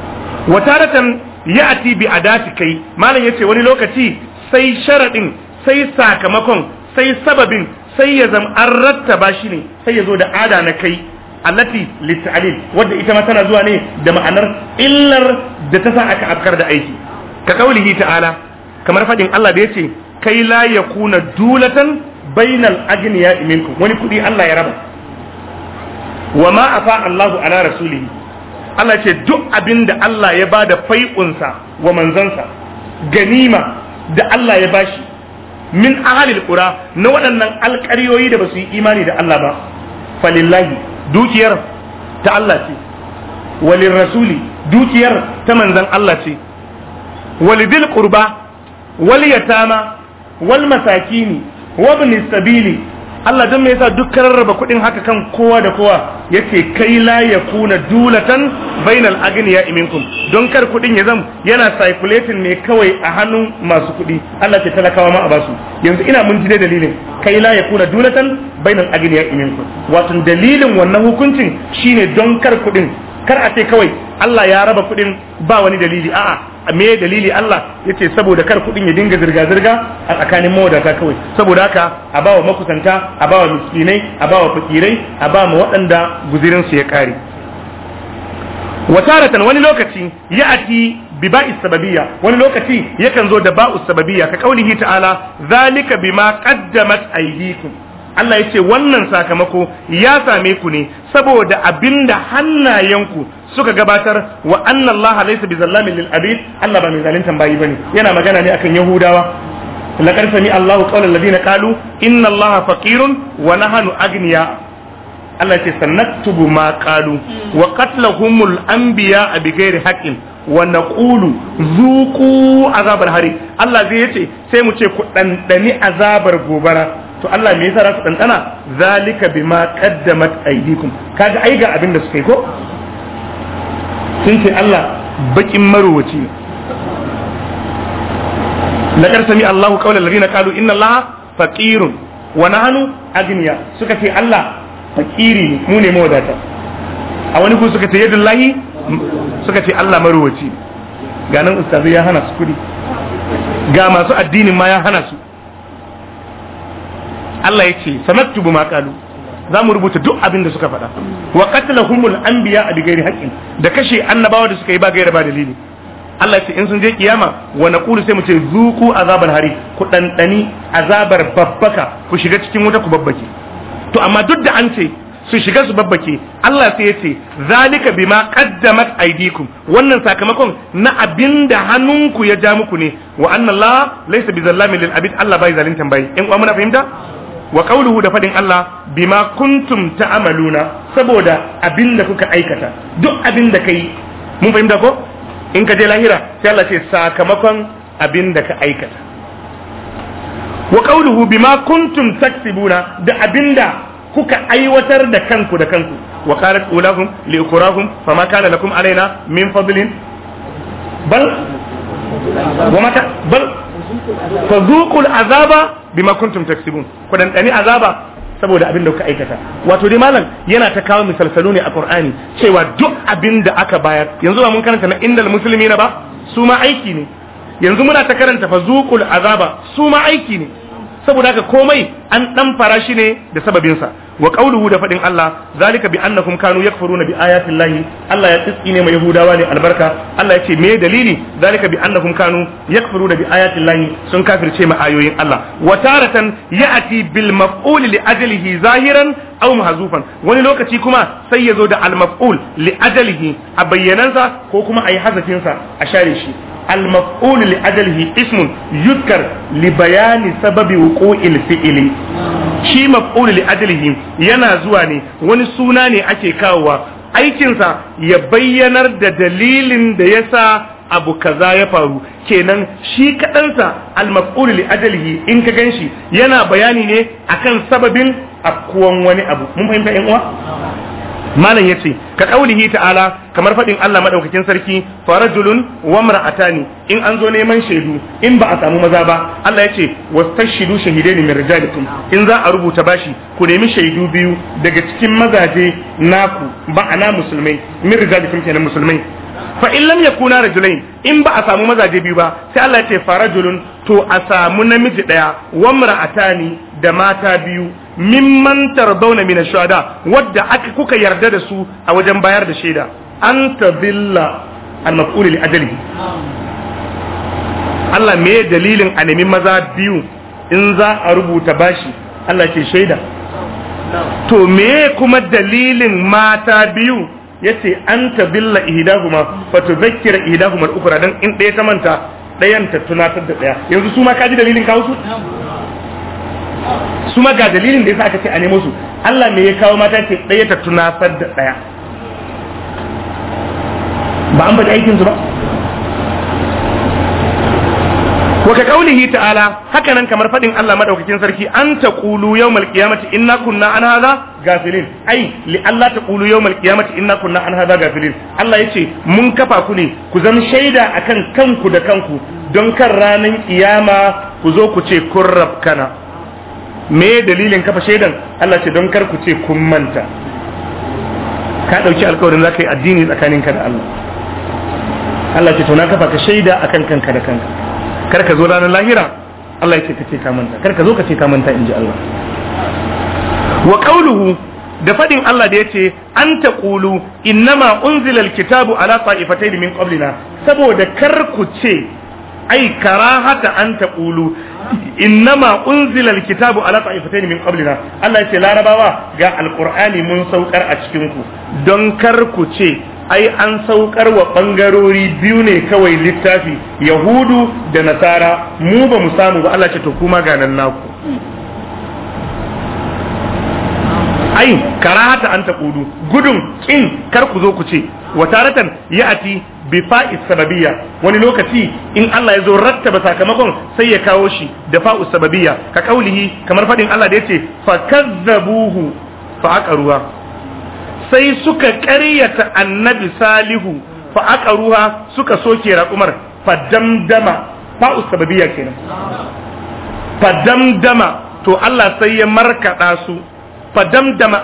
Speaker 2: wa taratan ya'ti bi adati kai malam yace wani lokaci sai sharadin sai sakamakon sai sababin sai ya zama an rattaba shi ne sai ya zo da ada na kai allati litalil wadda ita ma tana zuwa ne da ma'anar illar da ta sa aka afkar da aiki ka kaulihi ta'ala kamar fadin Allah da ya ce kai la yakuna dulatan bainal ya minkum wani kudi Allah ya raba wa ma afa Allahu ala rasulihi Allah ce duk abinda Allah ya bada fai'unsa wa manzansa ganima da Allah ya bashi min ahalil qura na waɗannan alƙaryoyi da ba su yi imani da Allah ba falillahi dukiyar ta Allah ce rasuli dukiyar ta manzan Allah ce walidil qurba wal yatama wal masakini wabni sabili Allah don mai yasa duk rarraba kuɗin haka kan kowa da kowa yace kai la yakuna dulatan bainal agniya iminkum don kar kuɗin ya zam yana circulating ne kawai a hannun masu kuɗi Allah ce talakawa ma a basu yanzu ina mun ji dalilin kai la yakuna dulatan bainal agniya iminkum wato dalilin wannan hukuncin shine don kar kuɗin kar a ce kawai Allah ya raba kuɗin ba wani dalili a'a me dalili Allah yace saboda kar kudin ya dinga zirga zirga a tsakanin mawadata kawai saboda haka a bawa makusanta a bawa miskinai a bawa fakirai a ba mu waɗanda guzirin su ya kare wataratan wani lokaci ya ati bi ba'is sababiyya wani lokaci yakan zo da ba'us sababiyya ka kaulihi ta'ala zalika bima qaddamat aydikum Allah ya ce wannan sakamako ya same ku ne saboda abinda hannayenku suka gabatar wa anna Allah bi bizallamin lil abid Allah ba mai zaluntan bayi bane yana magana ne akan Yahudawa laqad sami Allahu qawla alladhina qalu inna Allah faqirun wa nahnu agniya Allah ce sanaktubu ma qalu wa qatlahumul anbiya ghairi haqqin wa naqulu zuqu azabar hari Allah zai yace sai mu ce ku dandani azabar gobara to Allah me yasa za su dandana zalika bima qaddamat aydikum kaga ai ga abin da suka yi ko sun ce Allah bakin marowaci ne laqad sami Allahu qawla alladhina qalu inna Allah faqirun wa nahnu agniya suka ce Allah fakiri ne mu ne mawadata a wani ku suka ce yadullahi suka ce Allah marowaci ganin ga ustazu ya hana su kudi ga masu addinin ma ya hana su Allah ya ce sanattubu ma qalu za mu rubuta duk abin da suka faɗa wa an anbiya a bighairi haqqin da kashe annabawa da suka yi ba gaira ba dalili Allah ya ce in sun je kiyama wa naqulu sai mu ce zuku azabal hari ku dandani azabar babbaka ku shiga cikin wuta ku babbake to amma duk da an ce su shiga su babbake Allah sai ya ce zalika bima qaddamat aydikum wannan sakamakon na abinda hannunku ya ja muku ne wa anna Allah laysa bizallamin lil abid Allah bai zalintan bai in uwa muna fahimta wa qawluhu da fadin Allah bima kuntum ta'maluna saboda abinda kuka aikata duk abinda kai mun fahimta ko in ka je lahira sai Allah ce sakamakon abinda ka aikata wa qawluhu bima kuntum taksibuna da abinda kuka aiwatar da kanku da kanku wa qalat ulahum li ukurahum fama kana lakum alaina min fadlin bal wa mata bal fazuqul azaba bima kuntum taksibun ku dan dani azaba saboda abin da kuka aikata wato dai malam yana ta kawo misalsalu ne a qur'ani cewa duk abin da aka bayar yanzu ba mun karanta na indal muslimina ba su ma aiki ne yanzu muna ta karanta fazuqul azaba su ma aiki ne saboda haka komai an dan fara shi ne da sababinsa wa qauluhu da fadin Allah zalika bi annakum kanu yakfuruna bi ayati Allah ya tsitsi ne mai yahudawa ne albarka Allah ya ce me dalili zalika bi annakum kanu yakfuruna bi ayati sun kafirce ma ayoyin Allah wa taratan ya'ti bil maf'ul li ajlihi zahiran aw mahzufan wani lokaci kuma sai ya zo da al maf'ul li ajlihi a bayyanansa ko kuma ayi hazafin sa a share shi المفعول لأجله اسم يذكر لبيان سبب وقوع الفعل shi maf'ul li yana zuwa ne wani suna ne ake kawowa aikinsa ya bayyanar da dalilin da yasa abu kaza ya faru kenan shi kaɗansa al maf'ul li ajlihi in ka ganshi yana bayani ne akan sababin afkuwan wani abu mun fahimta yan uwa malam ya ce ka ɗaulihi ta'ala kamar faɗin Allah madaukakin sarki farajulun wa mar'atani in an zo neman shaidu in ba a samu maza ba Allah yace wastashidu shahidaini min rijalikum in za a rubuta bashi ku nemi shaidu biyu daga cikin mazaje naku ba ana musulmai min rijalikum kenan musulmai fa in lam yakuna rajulain in ba a samu mazaje biyu ba sai Allah ya ce farajulun to a samu namiji daya wa mar'atani da mata biyu mimman tarbauna min shuhada wadda aka kuka yarda da su a wajen bayar da shaida an tadilla al maf'ul li ajali Allah me dalilin a nemi maza biyu in za a rubuta bashi Allah ke shaida to me kuma dalilin mata biyu yace an ta billa ihdahuma fa tudhakkira ihdahuma al-ukhra dan in ɗaya ta manta ɗayan ta tunatar da ɗaya yanzu su ma kaji dalilin kawo su su ma ga dalilin da yasa aka ce a nemo su Allah me ya kawo mata ce ɗaya ta tunatar da ɗaya ba an bada aikin su ba wa ka kaulihi ta'ala haka nan kamar faɗin Allah madaukakin sarki an taqulu yawmal qiyamati inna kunna an hadha gafilin ai li Allah taqulu yawmal qiyamati inna kunna an hadha gafilin Allah yace mun kafa ku ne ku zama shaida akan kanku da kanku don kan kiyama ku zo ku ce kun rabkana me dalilin kafa shaidan Allah ce don kar ku ce kun manta ka dauki alkawarin ka yi addini tsakaninka da Allah Allah ce to na kafa ka shaida akan kanka da kanka kar ka zo ranar lahira Allah ya ce ka ce ka manta kar ka zo ka ce ka manta in ji Allah wa qawluhu da fadin Allah da yace an taqulu innama unzila alkitabu ala ta'ifatayn min qablina saboda kar ku ce ai karahata an taqulu innama unzila alkitabu ala ta'ifatayn min qablina Allah ya ce larabawa ga alqur'ani mun saukar a cikin ku don kar ku ce ai an saukar wa ɓangarori biyu ne kawai littafi yahudu da nasara mu ba mu samu ba Allah ce to kuma ga nan naku ai karahata an ta kudu gudun kin kar ku zo ku ce wa taratan ya'ti bi fa'is sababiyya wani lokaci in Allah ya zo rattaba sakamakon sai ya kawo shi da fa'us sababiyya ka kaulihi kamar fadin Allah da yace fakazzabuhu fa ruwa. sai suka ƙaryata annabi salihu fa aka ruha suka soke raƙumar fa fa usababiyya kenan fa to Allah sai ya markaɗa su fa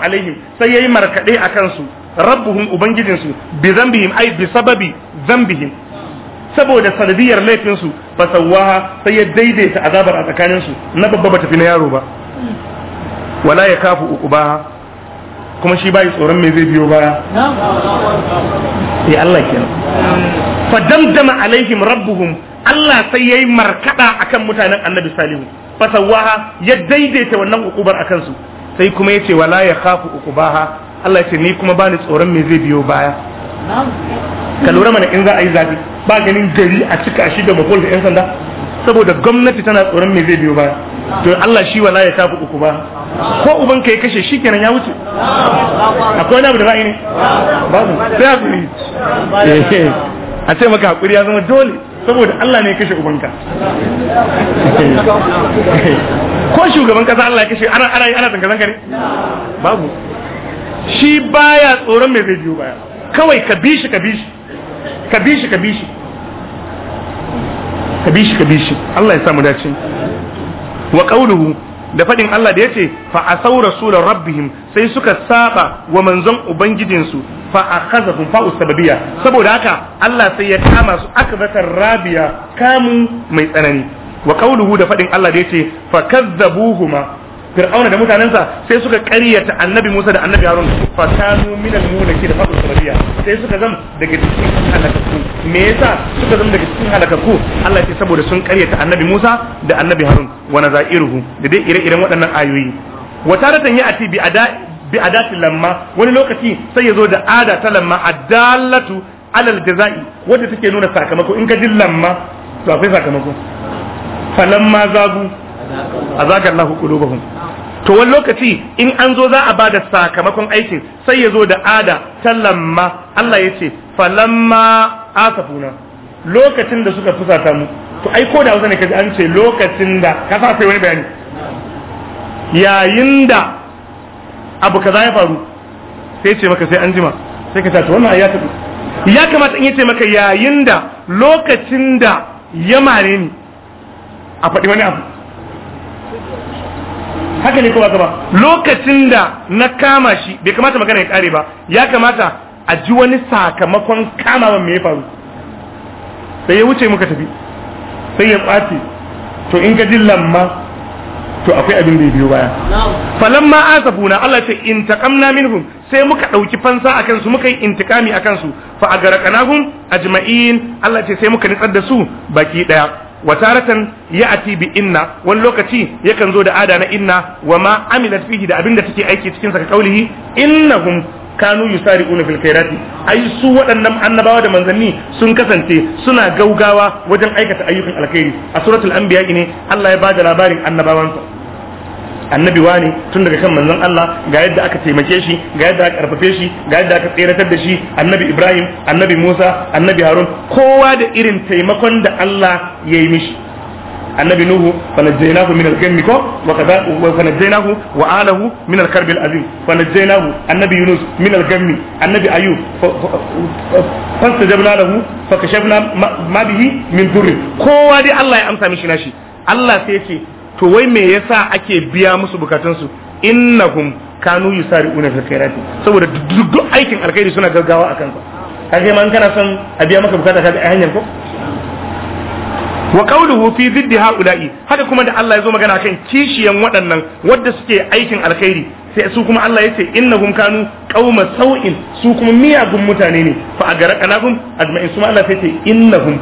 Speaker 2: alaihim sai yayi markaɗe a kansu rabbuhum ubangijinsu bi zambihim ai bi sababi zambihim saboda sanadiyar laifinsu fa sai ya daidaita azabar a tsakaninsu na babba bata fi na yaro ba wala ya kafu uqubaha kuma shi bai tsoron me zai biyo baya
Speaker 3: sai
Speaker 2: Allah kenan fa damdama alaihim rabbuhum Allah sai yayi markada akan mutanen Annabi Salihu fa sawaha ya daidaita wannan hukubar akan su sai kuma yace wala ya khafu ukubaha Allah ce ni kuma bani tsoron me zai biyo baya ka lura mana in za a yi zafi ba ganin gari a cika shi da makol da yan sanda saboda gwamnati tana tsoron me zai biyo baya to Allah shi wala ya khafu uku ko uban ka ya kashe shi kenan ya wuce akwai wani abu da ra'ayi ne babu sai hakuri eh, a ce maka hakuri ya zama dole saboda Allah ne ya kashe ubanka ko shugaban kasa Allah ya kashe ana ana ana zanga zanga ne babu shi baya tsoron me zai biyo baya kawai ka bishi ka bishi ka bishi ka bishi ka bishi ka bishi Allah ya samu dace wa qauluhu da faɗin Allah da ya ce fa asau rasular rabbihim sai suka saba wa manzon ubangijinsu fa akhazahum fa usbabiyya saboda haka Allah sai ya kama su akbatar rabiya kamu mai tsanani wa qawluhu da faɗin Allah da ya ce fa kazzabuhuma fir'auna da mutanensa sai suka ƙaryata annabi Musa da annabi Harun fa kanu minal mulaki da fadu sabiya sai suka zam daga cikin halakaku. me yasa suka zam daga cikin halakaku Allah ce saboda sun ƙaryata annabi Musa da annabi Harun wa nazairuhu da dai ire-iren waɗannan ayoyi wa taratan ya ati bi ada bi adati lamma wani lokaci sai ya zo da ada ta lamma adallatu alal jazai wadda take nuna sakamako in ka ji lamma to akwai sakamako falamma zagu azagallahu qulubahum to wani lokaci in an zo za a ba da sakamakon aikin sai ya zo da ada ta lamma Allah ya ce falamma asafuna lokacin da suka fusata mu to ai ko da wasa ne kaji an ce lokacin da ka sa sai wani bayani yayin da abu kaza ya faru sai ce maka sai an jima sai ka to wannan ayatu ya kamata in ya ce maka yayin da lokacin da ya mare ni a faɗi wani abu haka ne kuma gaba lokacin da na kama shi bai kamata magana ya kare ba ya kamata a ji wani sakamakon kamawan me ya faru sai ya wuce muka tafi sai ya ɓace to in ka jin lamma to akwai abin da ya biyo baya ma falamma asafuna Allah ce in taqamna minhum sai muka ɗauki fansa a kansu muka yi intikami a kansu fa a a ajma'in Allah ce sai muka nitsar da su baki ɗaya. wa taratan ya'ti bi inna wani lokaci yakan zo da ada na inna wa ma amilat fihi da abinda take aiki cikin sa ka kaulihi innahum kanu yusari'una fil khairati ai su waɗannan annabawa da manzanni sun kasance suna gaugawa wajen aikata ayyukan alkhairi a suratul anbiya ne Allah ya ba da labarin annabawansa annabi wa ne tun daga kan manzon Allah ga yadda aka taimake shi ga yadda aka karfafe shi ga yadda aka tseratar da shi annabi Ibrahim annabi Musa annabi Harun kowa da irin taimakon da Allah ya yi mishi annabi nuhu fanajjaynahu min al-gammi ko wa kaza wa fanajjaynahu wa alahu min al-karbi al-azim fanajjaynahu annabi yunus min al-gammi annabi ayub fastajabna lahu fakashafna ma bihi min dhurri kowa dai Allah ya amsa mishi nashi Allah sai ya ce to wai me yasa ake biya musu bukatunsu innahum kanu yusari'una fil khairati saboda duk aikin alkhairi suna gaggawa akan sa kage man kana son a biya maka bukata kaga hanyar ko wa qawluhu fi ziddi haula'i haka kuma da Allah ya zo magana kan kishiyan waɗannan wanda suke aikin alkhairi sai su kuma Allah ya ce innahum kanu qauma sau'in su kuma miyagun mutane ne fa agarakanakum ajma'in su ma Allah ya ce innahum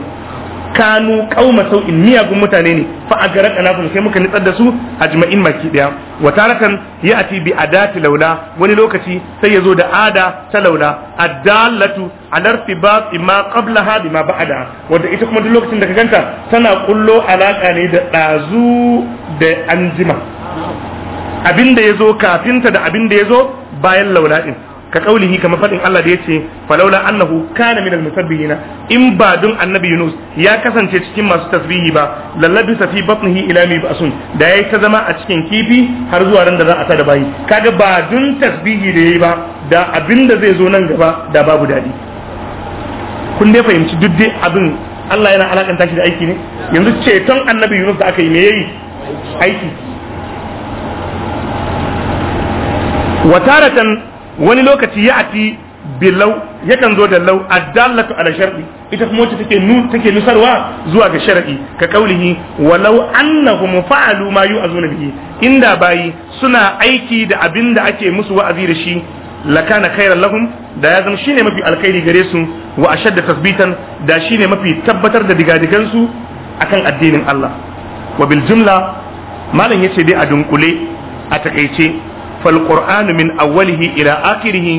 Speaker 2: kanu kauma sau'in miyagun mutane ne fa a na anahum sai muka nitsar da su a jima'in maki ɗaya wa taratan ya'ti bi adati laula wani lokaci sai yazo da ada ta laula a ala irtibat ma qablaha bima ba'ada. wanda ita kuma duk lokacin da ka ganta tana kullo alaka ne da dazu da anjima abinda yazo kafinta da abinda yazo bayan laula din ka kaulihi kamar fadin Allah da yace falaula annahu kana minal musabbihina in ba dun annabi Yunus ya kasance cikin masu tasbihi ba lallabi fi batnihi ila mi basun da yayi ta zama a cikin kifi har zuwa ran da za a tada bayi kaga ba dun tasbihi da yayi ba da abinda zai zo nan gaba da babu dadi kun dai fahimci duk dai abin Allah yana alakanta shi da aiki ne yanzu ceton annabi Yunus da aka yi me yayi aiki wataratan wani lokaci ya ati bilau yakan zo da lau addallatu ala shar'i ita kuma wacce take nu take nusarwa zuwa ga shar'i ka kaulihi walau annahum fa'alu ma yu'azuna bihi inda bayi suna aiki da abin da ake musu wa'azi da shi lakana khairan lahum da ya zama shine mafi alkhairi gare su wa ashadda tasbitan da shine mafi tabbatar da digadigan su akan addinin Allah wa bil jumla malam yace dai a dunkule a takeice فالقرآن من أوله إلى آخره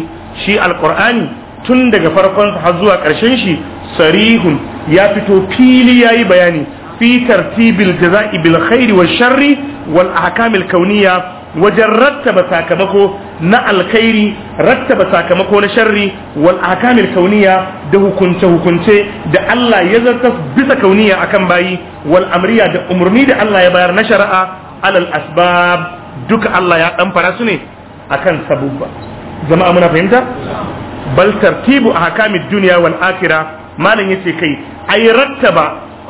Speaker 2: shi Alƙur'ani? tun daga farkon har zuwa ƙarshen shi sarihun ya fito fili yayi bayani fi tartibil jaza'i bil khairi wal sharri wal ahkamil kauniya. wajen rattaba sakamako na alkhairi rattaba sakamako na sharri wal ahkamil kauniya. da hukunce hukunce da Allah ya zartas bisa kauniya akan bayi wal amriya da umarni da Allah ya bayar na shari'a alal asbab duka Allah ya ɗamfara su ne akan sabubba Zama muna fahimta bal tartibu hakamin duniya wal akhirah malam yace kai yi rattaba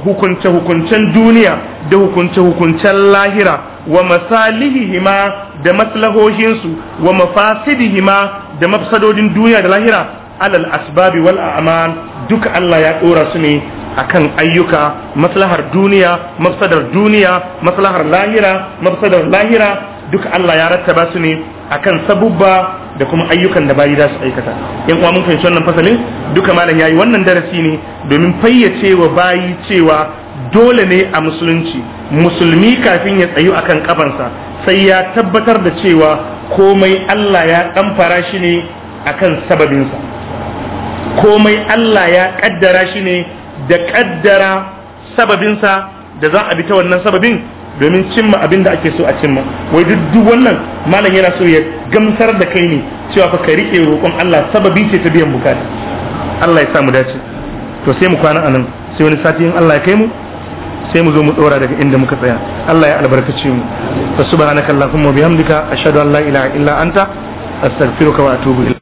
Speaker 2: hukunce hukuncen duniya da hukunce hukuncen lahira wa masalihihima da maslahohinsu wa mafasidihima da mafsadodin duniya da lahira alal asbabi wal a'mal duka Allah ya dora su ne akan ayyuka maslahar duniya mafsadar duniya maslahar lahira mafsadar lahira duka Allah ya rattaba su ne akan sabubba da kuma ayyukan da bayi za su aikata yan uwa mun fahimci wannan fasalin duka malam yayi wannan darasi ne domin fayyace wa bayi cewa dole ne a musulunci musulmi kafin ya tsayu akan kafansa sai ya tabbatar da cewa komai Allah ya kamfara shi ne akan sababinsa komai Allah ya ƙaddara shi ne da ƙaddara sababinsa da za a bi ta wannan sababin domin cimma abin da ake so a cimma wai duk duk wannan malam yana so ya gamsar da kai ne cewa fa ka rike roƙon Allah sababi ce ta biyan bukata Allah ya sa dace to sai mu kwana anan sai wani sati in Allah ya kai mu sai mu zo mu dora daga inda muka tsaya Allah ya albarkace mu fa subhanakallahumma bihamdika ashhadu an la ilaha illa anta astaghfiruka
Speaker 1: wa atubu